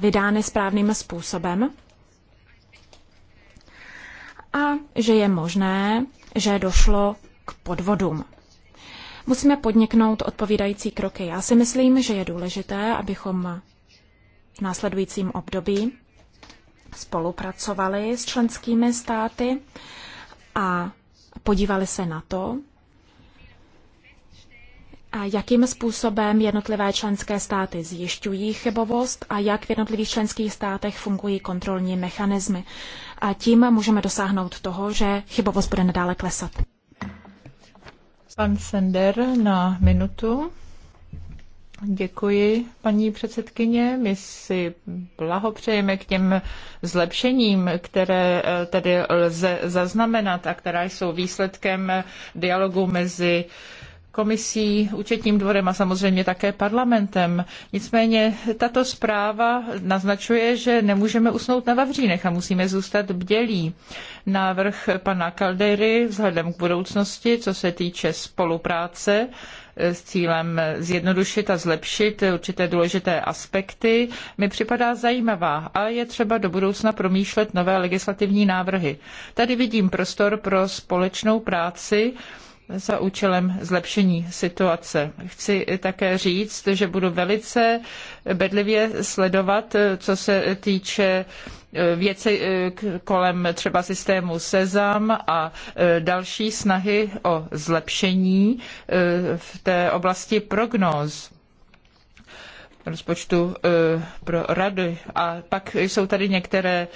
vydány správným způsobem a že je možné, že došlo k podvodům. Musíme podniknout odpovídající kroky. Já si myslím, že je důležité, abychom v následujícím období spolupracovali s členskými státy a podívali se na to, a jakým způsobem jednotlivé členské státy zjišťují chybovost a jak v jednotlivých členských státech fungují kontrolní mechanismy a tím můžeme dosáhnout toho, že chybovost bude nadále klesat. Pan Sender na minutu. Děkuji, paní předsedkyně. My si blahopřejeme k těm zlepšením, které eh, tady lze zaznamenat a která jsou výsledkem dialogu mezi komisí, účetním dvorem a samozřejmě také parlamentem. Nicméně tato zpráva naznačuje, že nemůžeme usnout na Vavřínech a musíme zůstat bdělí. Návrh pana Kaldery vzhledem k budoucnosti, co se týče spolupráce, eh, s cílem zjednodušit a zlepšit určité důležité aspekty, mi připadá zajímavá a je třeba do budoucna promýšlet nové legislativní návrhy. Tady vidím prostor pro společnou práci za účelem zlepšení situace. Chci také říct, že budu velice bedlivě sledovat, co se týče eh, věci eh, kolem třeba systému Sezam a eh, další snahy o zlepšení v té oblasti prognóz rozpočtu pro rady. A pak jsou tady některé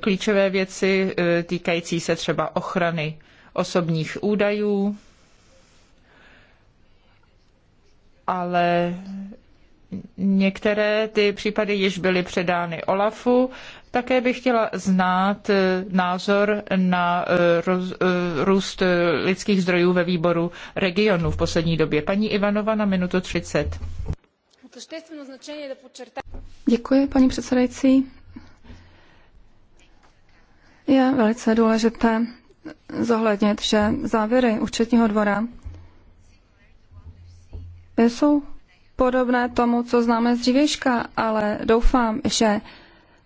klíčové věci týkající se třeba ochrany osobních údajů, ale některé ty případy již byly předány OLAFu. Také bych chtěla znát eh, názor na eh, eh, růst lidských zdrojů ve výboru regionu v poslední době. Paní Ivanova na minutu 30. Děkuji, paní předsedající. Je velice důležité zohlednit, že závěry účetního dvora jsou podobné tomu, co známe z dřívějška, ale doufám, že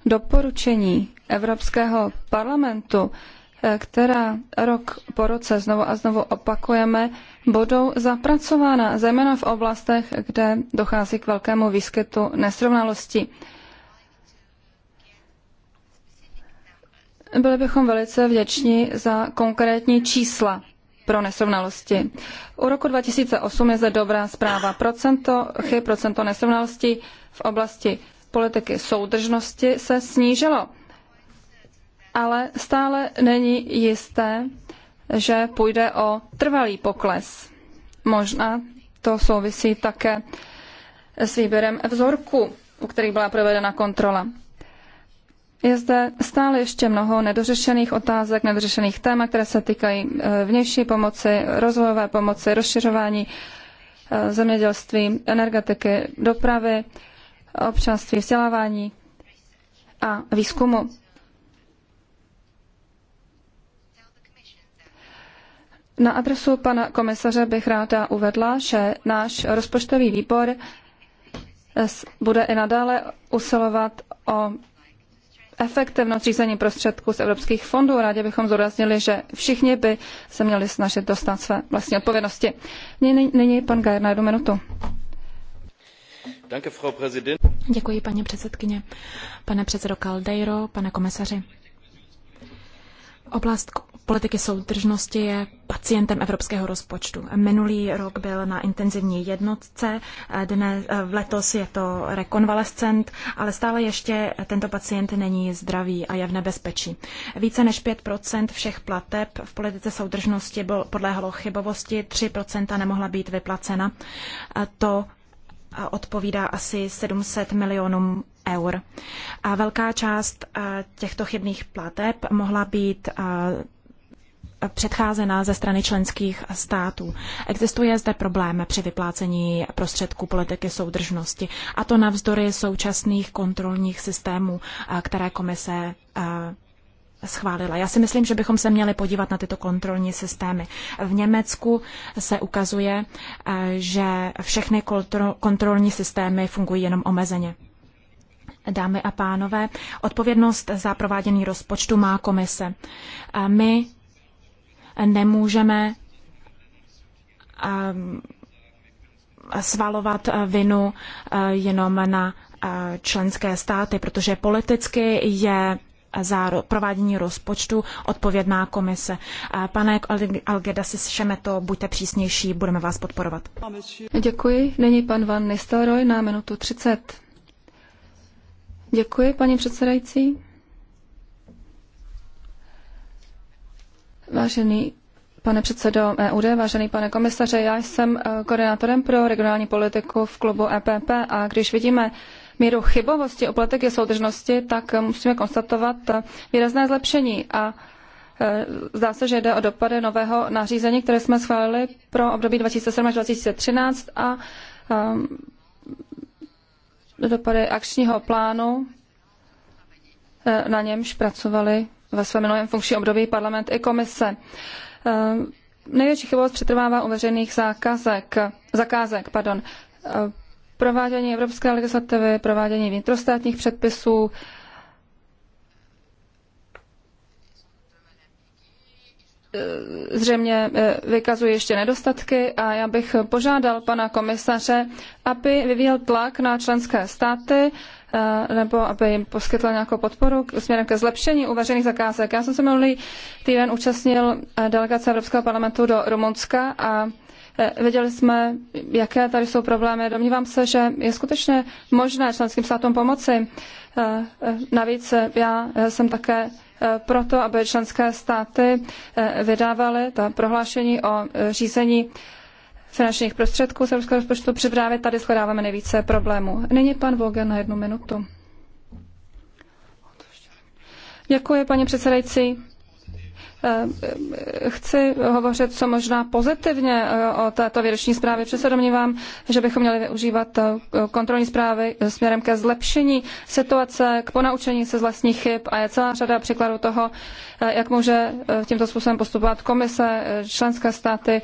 doporučení Evropského parlamentu, eh, která rok po roce znovu a znovu opakujeme, budou zapracována zejména v oblastech, kde dochází k velkému výskytu nesrovnalostí. Byli bychom velice vděční za konkrétní čísla pro nesrovnalosti. U roku 2008 je zde dobrá zpráva. Procento chyb, procento nesrovnalostí v oblasti politiky soudržnosti se snížilo, ale stále není jisté, že půjde o trvalý pokles. Možná to souvisí také s výběrem vzorku, u kterých byla provedena kontrola. Je zde stále ještě mnoho nedořešených otázek, nedořešených témat, které se týkají eh, vnější pomoci, rozvojové pomoci, rozšiřování eh, zemědělství, energetiky, dopravy, občanství, vzdělávání a výzkumu. Na adresu pana komisaře bych ráda uvedla, že náš rozpočtový výbor eh, bude i nadále usilovat o efektivnost řízení prostředků z evropských fondů. Rádi bychom zdůraznili, že všichni by se měli snažit dostat své vlastní odpovědnosti. Nyní, pan Gajer na jednu minutu. Děkuji, paní předsedkyně. Pane předsedo Caldeiro, pane komisaři. Oblast politiky soudržnosti je pacientem evropského rozpočtu. Minulý rok byl na intenzivní jednotce, dne, letos je to rekonvalescent, ale stále ještě tento pacient není zdravý a je v nebezpečí. Více než 5 všech plateb v politice soudržnosti bylo podléhalo chybovosti, 3 nemohla být vyplacena. To odpovídá asi 700 milionům eur. A velká část těchto chybných plateb mohla být předcházena ze strany členských států. Existuje zde problém při vyplácení prostředků politiky soudržnosti a to navzdory současných kontrolních systémů, které komise schválila. Já si myslím, že bychom se měli podívat na tyto kontrolní systémy. V Německu se ukazuje, že všechny kontrolní systémy fungují jenom omezeně. Dámy a pánové, odpovědnost za provádění rozpočtu má komise. My nemůžeme eh, svalovat eh, vinu eh, jenom na členské státy, protože politicky je za provádění rozpočtu odpovědná komise. Pane Algeda si to, buďte přísnější, budeme vás podporovat. Děkuji. Není pan Van Nistelrooy na minutu 30. Děkuji, paní předsedající. Vážený pane předsedo EUD, vážený pane komisaře, já jsem eh, koordinátorem pro regionální politiku v klubu EPP a když vidíme míru chybovosti o politiky soudržnosti, tak eh, musíme konstatovat eh, výrazné zlepšení a Zdá se, že jde o dopady nového nařízení, které jsme schválili pro období 2007 až 2013 a um, dopady akčního plánu, na němž pracovali ve svém minulém funkčním období parlament i komise. Eh, největší chybovost přetrvává u veřejných zákazek, zakázek. Pardon. Eh, provádění evropské legislativy, provádění vnitrostátních předpisů, eh, zřejmě vykazuje ještě nedostatky a já bych požádal pana komisaře, aby vyvíjel tlak na členské státy, Eh, nebo aby jim poskytla nějakou podporu směrem ke zlepšení uvařených zakázek. Já jsem se minulý týden účastnil eh, delegace Evropského parlamentu do Rumunska a eh, Viděli jsme, jaké tady jsou problémy. Domnívám se, že je skutečně možné členským státům pomoci. Navíc já jsem také proto, aby členské státy vydávaly ta prohlášení o řízení finančních prostředků z evropského rozpočtu, protože právě tady shledáváme nejvíce problémů. Nyní pan Vogel na jednu minutu. Děkuji, paní předsedající. Eh, chci hovořit co možná pozitivně eh, o této výroční zprávě, protože se domnívám, že bychom měli využívat eh, kontrolní zprávy směrem ke zlepšení situace, k ponaučení se z vlastních chyb a je celá řada příkladů toho, jak může tímto způsobem postupovat komise, členské státy,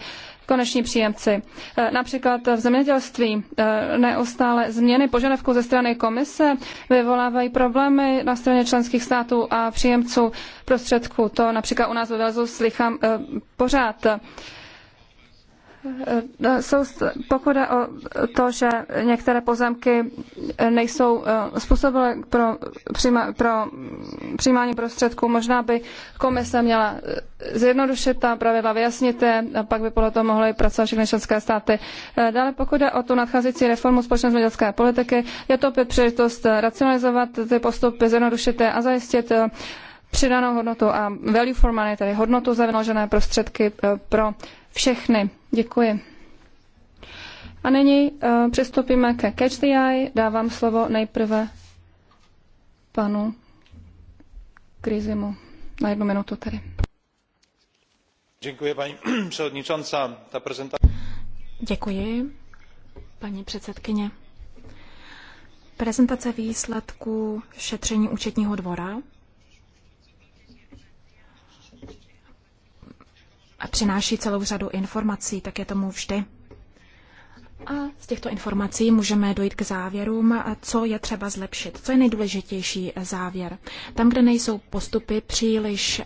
koneční příjemci. Eh, například v zemědělství eh, neustále změny požadavků ze strany komise vyvolávají problémy na straně členských států a příjemců prostředků. To například u nás ve Velzu slychám eh, pořád. Eh, eh, jsou, pokud je o to, že některé pozemky nejsou eh, způsobilé pro, přijma, pro přijímání prostředků, možná by komise měla zjednodušit ta pravidla, vyjasnit je, a pak by podle toho mohly pracovat všechny členské státy. Dále, pokud je o tu nadcházející reformu společné zemědělské politiky, je to opět příležitost racionalizovat ty postupy, zjednodušit je a zajistit přidanou hodnotu a value for money, tedy hodnotu za vynaložené prostředky pro všechny. Děkuji. A nyní uh, přistoupíme ke Catch the Eye. Dávám slovo nejprve panu Krizimu. Na jednu minutu tady. Děkuji, paní [clears throat] předsedající. Ta prezentace... Děkuji, paní předsedkyně. Prezentace výsledků šetření účetního dvora přináší celou řadu informací, tak je tomu vždy. A z těchto informací můžeme dojít k závěrům, co je třeba zlepšit, co je nejdůležitější závěr. Tam, kde nejsou postupy příliš eh,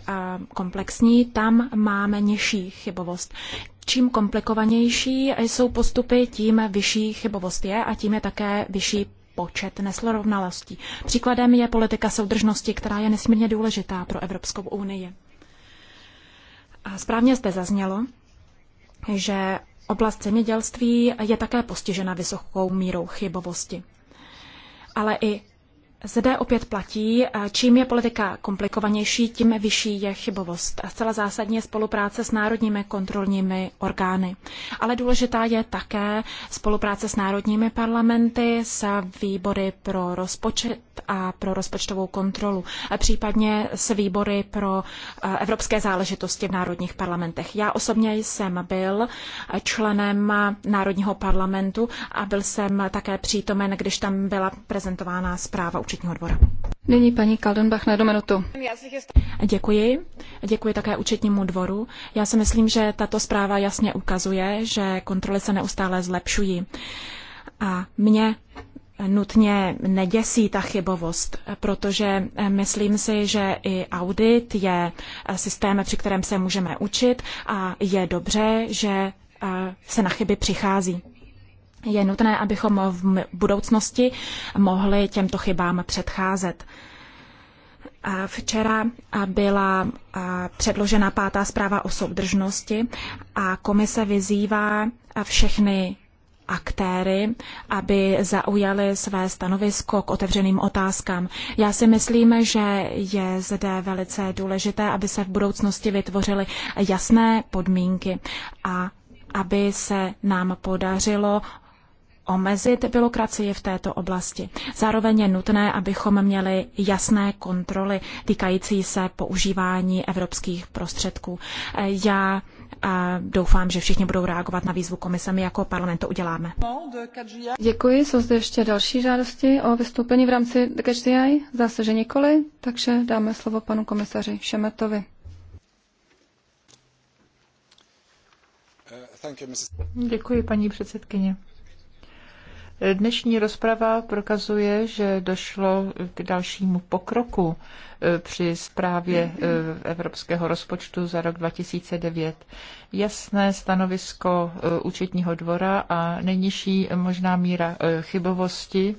komplexní, tam máme nižší chybovost. Čím komplikovanější jsou postupy, tím vyšší chybovost je a tím je také vyšší počet neslorovnalostí. Příkladem je politika soudržnosti, která je nesmírně důležitá pro Evropskou unii. Správně jste zaznělo, že oblast zemědělství je také postižena vysokou mírou chybovosti. Ale i zde opět platí, eh, čím je politika komplikovanější, tím vyšší je chybovost. A zcela zásadně je spolupráce s národními kontrolními orgány. Ale důležitá je také spolupráce s národními parlamenty, s výbory pro rozpočet a pro rozpočtovou kontrolu, a případně s výbory pro eh, evropské záležitosti v národních parlamentech. Já osobně jsem byl eh, členem Národního parlamentu a byl jsem také přítomen, když tam byla prezentována zpráva účetního dvora. Nyní paní Kaldenbach na domenotu. Děkuji. Děkuji také účetnímu dvoru. Já si myslím, že tato zpráva jasně ukazuje, že kontroly se neustále zlepšují. A mě nutně neděsí ta chybovost, protože myslím si, že i audit je systém, při kterém se můžeme učit a je dobře, že eh, se na chyby přichází je nutné, abychom v budoucnosti mohli těmto chybám předcházet. Včera byla předložena pátá zpráva o soudržnosti a komise vyzývá všechny aktéry, aby zaujali své stanovisko k otevřeným otázkám. Já si myslím, že je zde velice důležité, aby se v budoucnosti vytvořily jasné podmínky a aby se nám podařilo omezit byrokracii v této oblasti. Zároveň je nutné, abychom měli jasné kontroly týkající se používání evropských prostředků. Já a doufám, že všichni budou reagovat na výzvu komise. My jako parlament to uděláme. Děkuji. Jsou zde ještě další žádosti o vystoupení v rámci KHDI? Zase, že nikoli, takže dáme slovo panu komisaři Šemetovi. Uh, Děkuji, paní předsedkyně. Dnešní rozprava prokazuje, že došlo k dalšímu pokroku e, při zprávě e, evropského rozpočtu za rok 2009. Jasné stanovisko e, účetního dvora a nejnižší možná míra chybovosti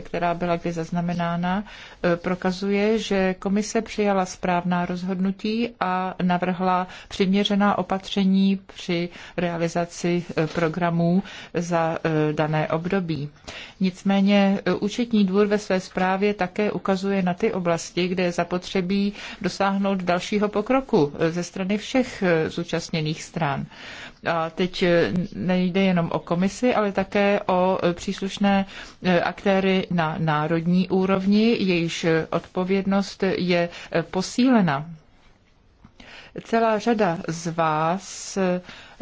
která byla kdy zaznamenána, e, prokazuje, že komise přijala správná rozhodnutí a navrhla přiměřená opatření při realizaci e, programů za e, dané období. Nicméně účetní dvůr ve své zprávě také ukazuje na ty oblasti, kde je zapotřebí dosáhnout dalšího pokroku ze strany všech zúčastněných stran. A teď eh, nejde jenom o komisi, ale také o eh, příslušné eh, aktéry na národní úrovni, jejíž odpovědnost je posílena. Celá řada z vás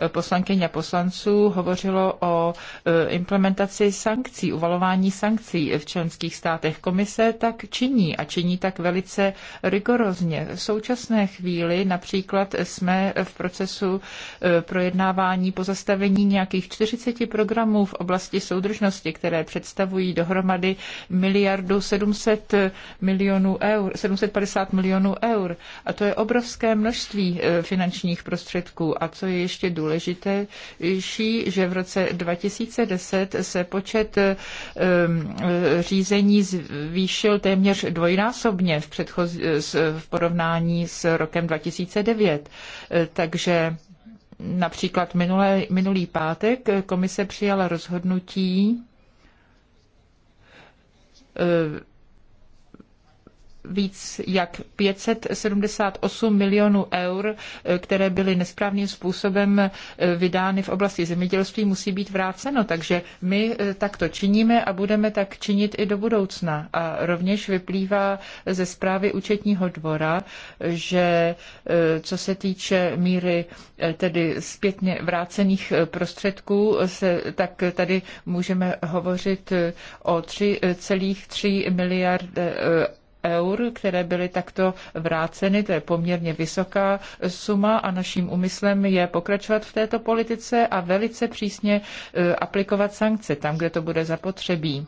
poslankyň a poslanců hovořilo o e, implementaci sankcí, uvalování sankcí v členských státech. Komise tak činí a činí tak velice rigorózně. V současné chvíli například jsme v procesu e, projednávání pozastavení nějakých 40 programů v oblasti soudržnosti, které představují dohromady miliardu 700 milionů eur, 750 milionů eur. A to je obrovské množství e, finančních prostředků. A co je ještě důležité, důležitější, že v roce 2010 se počet um, řízení zvýšil téměř dvojnásobně v, předchoz, v porovnání s rokem 2009. Takže například minulé, minulý pátek komise přijala rozhodnutí víc jak 578 milionů eur, eh, které byly nesprávným způsobem eh, vydány v oblasti zemědělství, musí být vráceno. Takže my eh, takto činíme a budeme tak činit i do budoucna. A rovněž vyplývá ze zprávy účetního dvora, že co se týče míry tedy zpětně vrácených prostředků, se, tak tady můžeme hovořit o 3,3 miliard eur, které byly takto vráceny. To je poměrně vysoká suma a naším úmyslem je pokračovat v této politice a velice přísně eh, aplikovat sankce tam, kde to bude zapotřebí.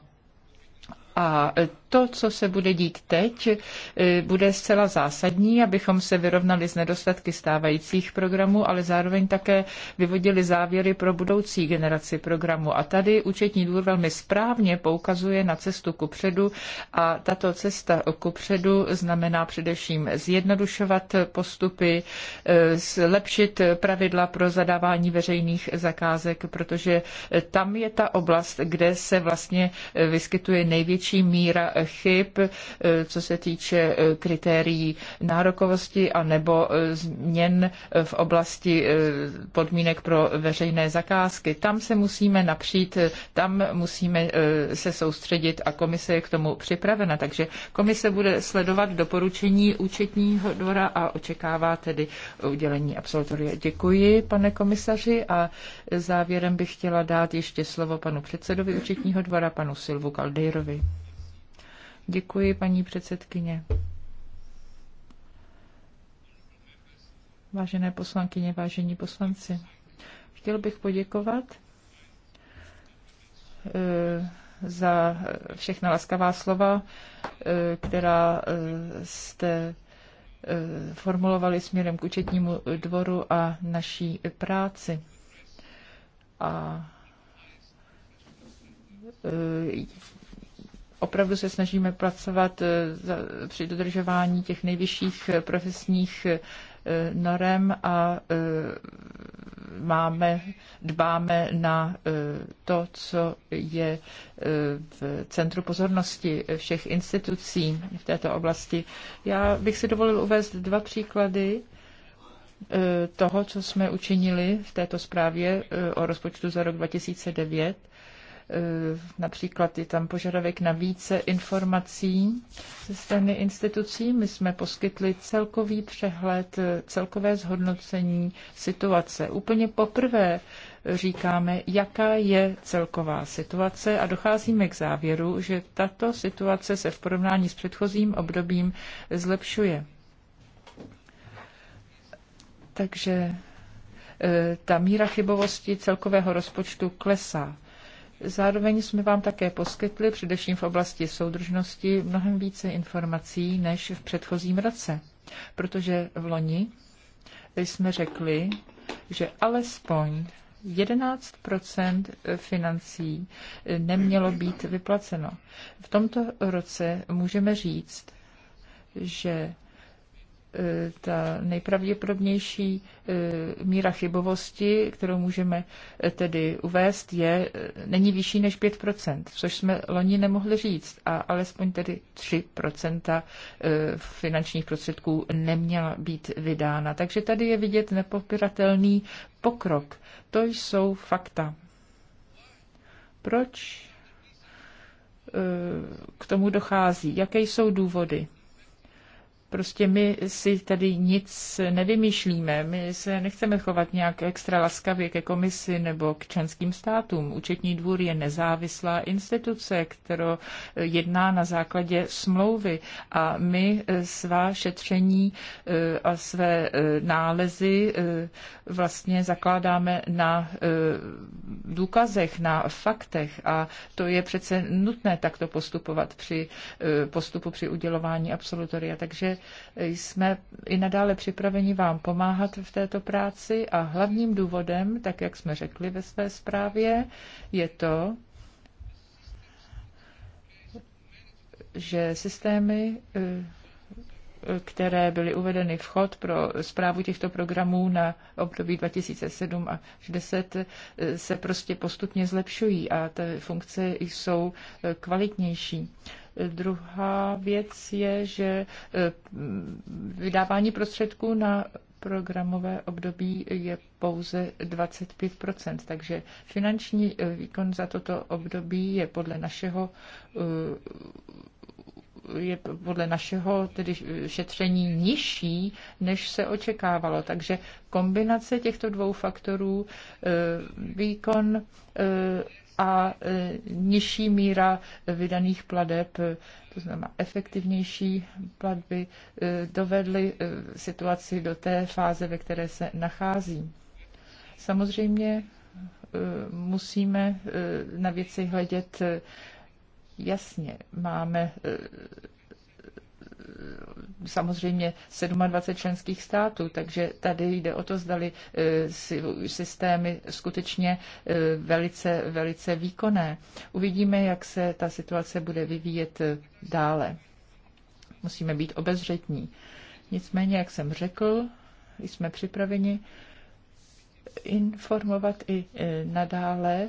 A eh, to, co se bude dít teď, eh, bude zcela zásadní, abychom se vyrovnali z nedostatky stávajících programů, ale zároveň také vyvodili závěry pro budoucí generaci programu. A tady účetní dvůr velmi správně poukazuje na cestu kupředu a tato cesta kupředu znamená především zjednodušovat postupy, eh, zlepšit pravidla pro zadávání veřejných zakázek, protože tam je ta oblast, kde se vlastně eh, vyskytuje největší míra chyb, eh, co se týče eh, kritérií nárokovosti a nebo eh, změn v oblasti podmínek pro veřejné zakázky. Tam se musíme napřít, tam musíme se soustředit a komise je k tomu připravena. Takže komise bude sledovat doporučení účetního dvora a očekává tedy udělení absolutoria. Děkuji, pane komisaři, a závěrem bych chtěla dát ještě slovo panu předsedovi účetního dvora, panu Silvu Kaldejrovi. Děkuji, paní předsedkyně. Vážené poslankyně, vážení poslanci, chtěl bych poděkovat eh, za všechna laskavá slova, eh, která eh, jste formulovali směrem k účetnímu dvoru a naší práci. A opravdu se snažíme pracovat e, při dodržování těch nejvyšších e, profesních e, norem a máme, dbáme na to, co je v centru pozornosti všech institucí v této oblasti. Já bych si dovolil uvést dva příklady toho, co jsme učinili v této zprávě o rozpočtu za rok 2009 Eh, například je tam požadavek na více informací ze strany institucí. My jsme poskytli celkový přehled, eh, celkové zhodnocení situace. Úplně poprvé říkáme, jaká je celková situace a docházíme k závěru, že tato situace se v porovnání s předchozím obdobím zlepšuje. Takže eh, ta míra chybovosti celkového rozpočtu klesá. Zároveň jsme vám také poskytli, především v oblasti soudržnosti, mnohem více informací než v předchozím roce, protože v loni jsme řekli, že alespoň 11 financí nemělo být vyplaceno. V tomto roce můžeme říct, že E, ta nejpravděpodobnější e, míra chybovosti, kterou můžeme e, tedy uvést, je, není vyšší než 5%, což jsme loni nemohli říct a alespoň tedy 3% finančních prostředků neměla být vydána. Takže tady je vidět nepopiratelný pokrok. To jsou fakta. Proč k tomu dochází? Jaké jsou důvody? Prostě my si tady nic nevymýšlíme, my se nechceme chovat nějak extra laskavě ke komisi nebo k členským státům. Účetní dvůr je nezávislá instituce, která jedná na základě smlouvy a my e, svá šetření e, a své e, nálezy vlastně zakládáme na důkazech, na faktech a to je přece nutné takto postupovat při postupu při udělování absolutoria. Takže jsme i nadále připraveni vám pomáhat v této práci a hlavním důvodem, tak jak jsme řekli ve své zprávě, je to, že systémy eh, které byly uvedeny v chod pro zprávu těchto programů na období 2007 až 10 eh, se prostě postupně zlepšují a ty funkce jsou eh, kvalitnější. Druhá věc je, že eh, vydávání prostředků na programové období je pouze 25 takže finanční eh, výkon za toto období je podle našeho eh, je podle našeho tedy šetření nižší, než se očekávalo. Takže kombinace těchto dvou faktorů, výkon a e, nižší míra vydaných pladeb, e, to znamená efektivnější platby, e, dovedly situaci do té fáze, ve které se nachází. Samozřejmě musíme na věci hledět jasně. Máme E, samozřejmě 27 členských států, takže tady jde o to, zdali e, systémy skutečně e, velice, velice výkonné. Uvidíme, jak se ta situace bude vyvíjet dále. Musíme být obezřetní. Nicméně, jak jsem řekl, jsme připraveni informovat i nadále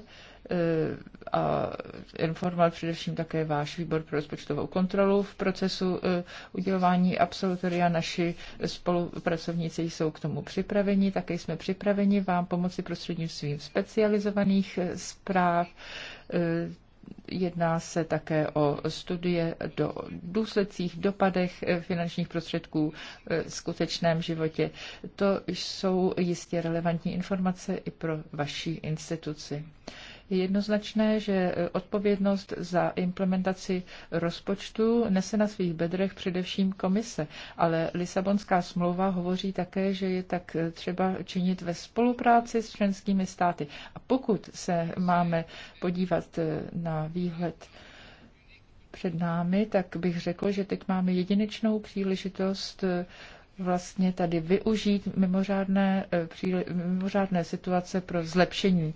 a informoval především také váš výbor pro rozpočtovou kontrolu v procesu e, udělování absolutoria. Naši spolupracovníci jsou k tomu připraveni, také jsme připraveni vám pomoci prostřednictvím specializovaných e, zpráv. E, jedná se také o studie do důsledcích, dopadech finančních prostředků v skutečném životě. To jsou jistě relevantní informace i pro vaši instituci. Je jednoznačné, že e, odpovědnost za implementaci rozpočtu nese na svých bedrech především komise, ale Lisabonská smlouva hovoří také, že je tak e, třeba činit ve spolupráci s členskými státy. A pokud se máme podívat e, na výhled před námi, tak bych řekl, že teď máme jedinečnou příležitost vlastně tady využít mimořádné, mimořádné situace pro zlepšení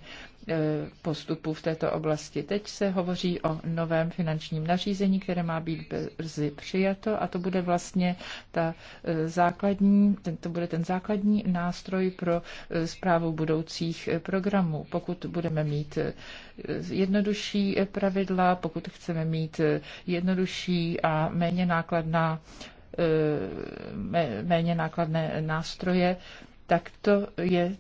E, postupů v této oblasti. Teď se hovoří o novém finančním nařízení, které má být brzy přijato a to bude vlastně ta e, základní, to bude ten základní nástroj pro zprávu e, budoucích programů. Pokud budeme mít jednodušší pravidla, pokud chceme mít jednodušší a méně nákladná méně nákladné nástroje, tak to je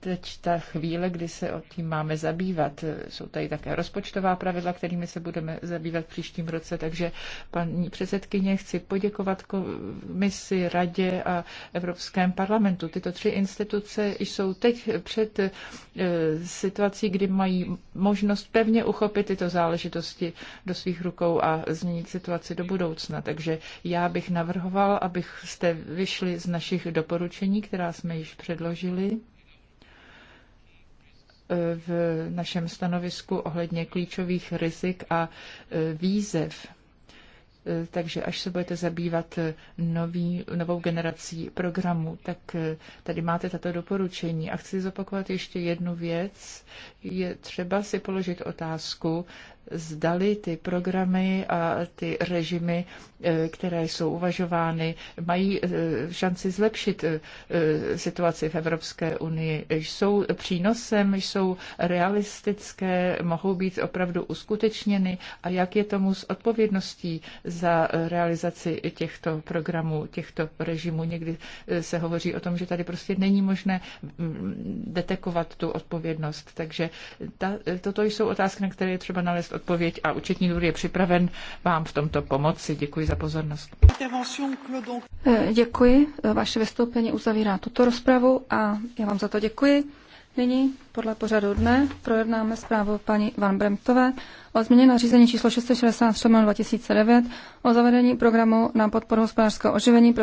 teď ta chvíle, kdy se o tím máme zabývat. Jsou tady také rozpočtová pravidla, kterými se budeme zabývat v příštím roce, takže paní předsedkyně, chci poděkovat komisi, radě a Evropském parlamentu. Tyto tři instituce jsou teď před eh, situací, kdy mají možnost pevně uchopit tyto záležitosti do svých rukou a změnit situaci do budoucna. Takže já bych navrhoval, abych jste vyšli z našich doporučení, která jsme již předložili v našem stanovisku ohledně klíčových rizik a e, výzev. E, takže až se budete zabývat e, nový, novou generací programů, tak tady máte tato doporučení. A chci zopakovat ještě jednu věc. Je třeba si položit otázku, zdali ty programy a ty režimy, eh, které jsou uvažovány, mají eh, šanci zlepšit eh, situaci v Evropské unii. Jsou přínosem, jsou realistické, mohou být opravdu uskutečněny a jak je tomu s odpovědností za realizaci těchto programů, těchto režimů. Někdy se hovoří o tom, že tady prostě není možné mm, detekovat tu odpovědnost. Takže ta, toto jsou otázky, na které je třeba nalézt odpověď a účetní dvůr je připraven vám v tomto pomoci. Děkuji za pozornost. Děkuji. Vaše vystoupení uzavírá tuto rozpravu a já vám za to děkuji. Nyní podle pořadu dne projednáme zprávu paní Van Bremtové o změně nařízení číslo 663 2009 o zavedení programu na podporu hospodářského oživení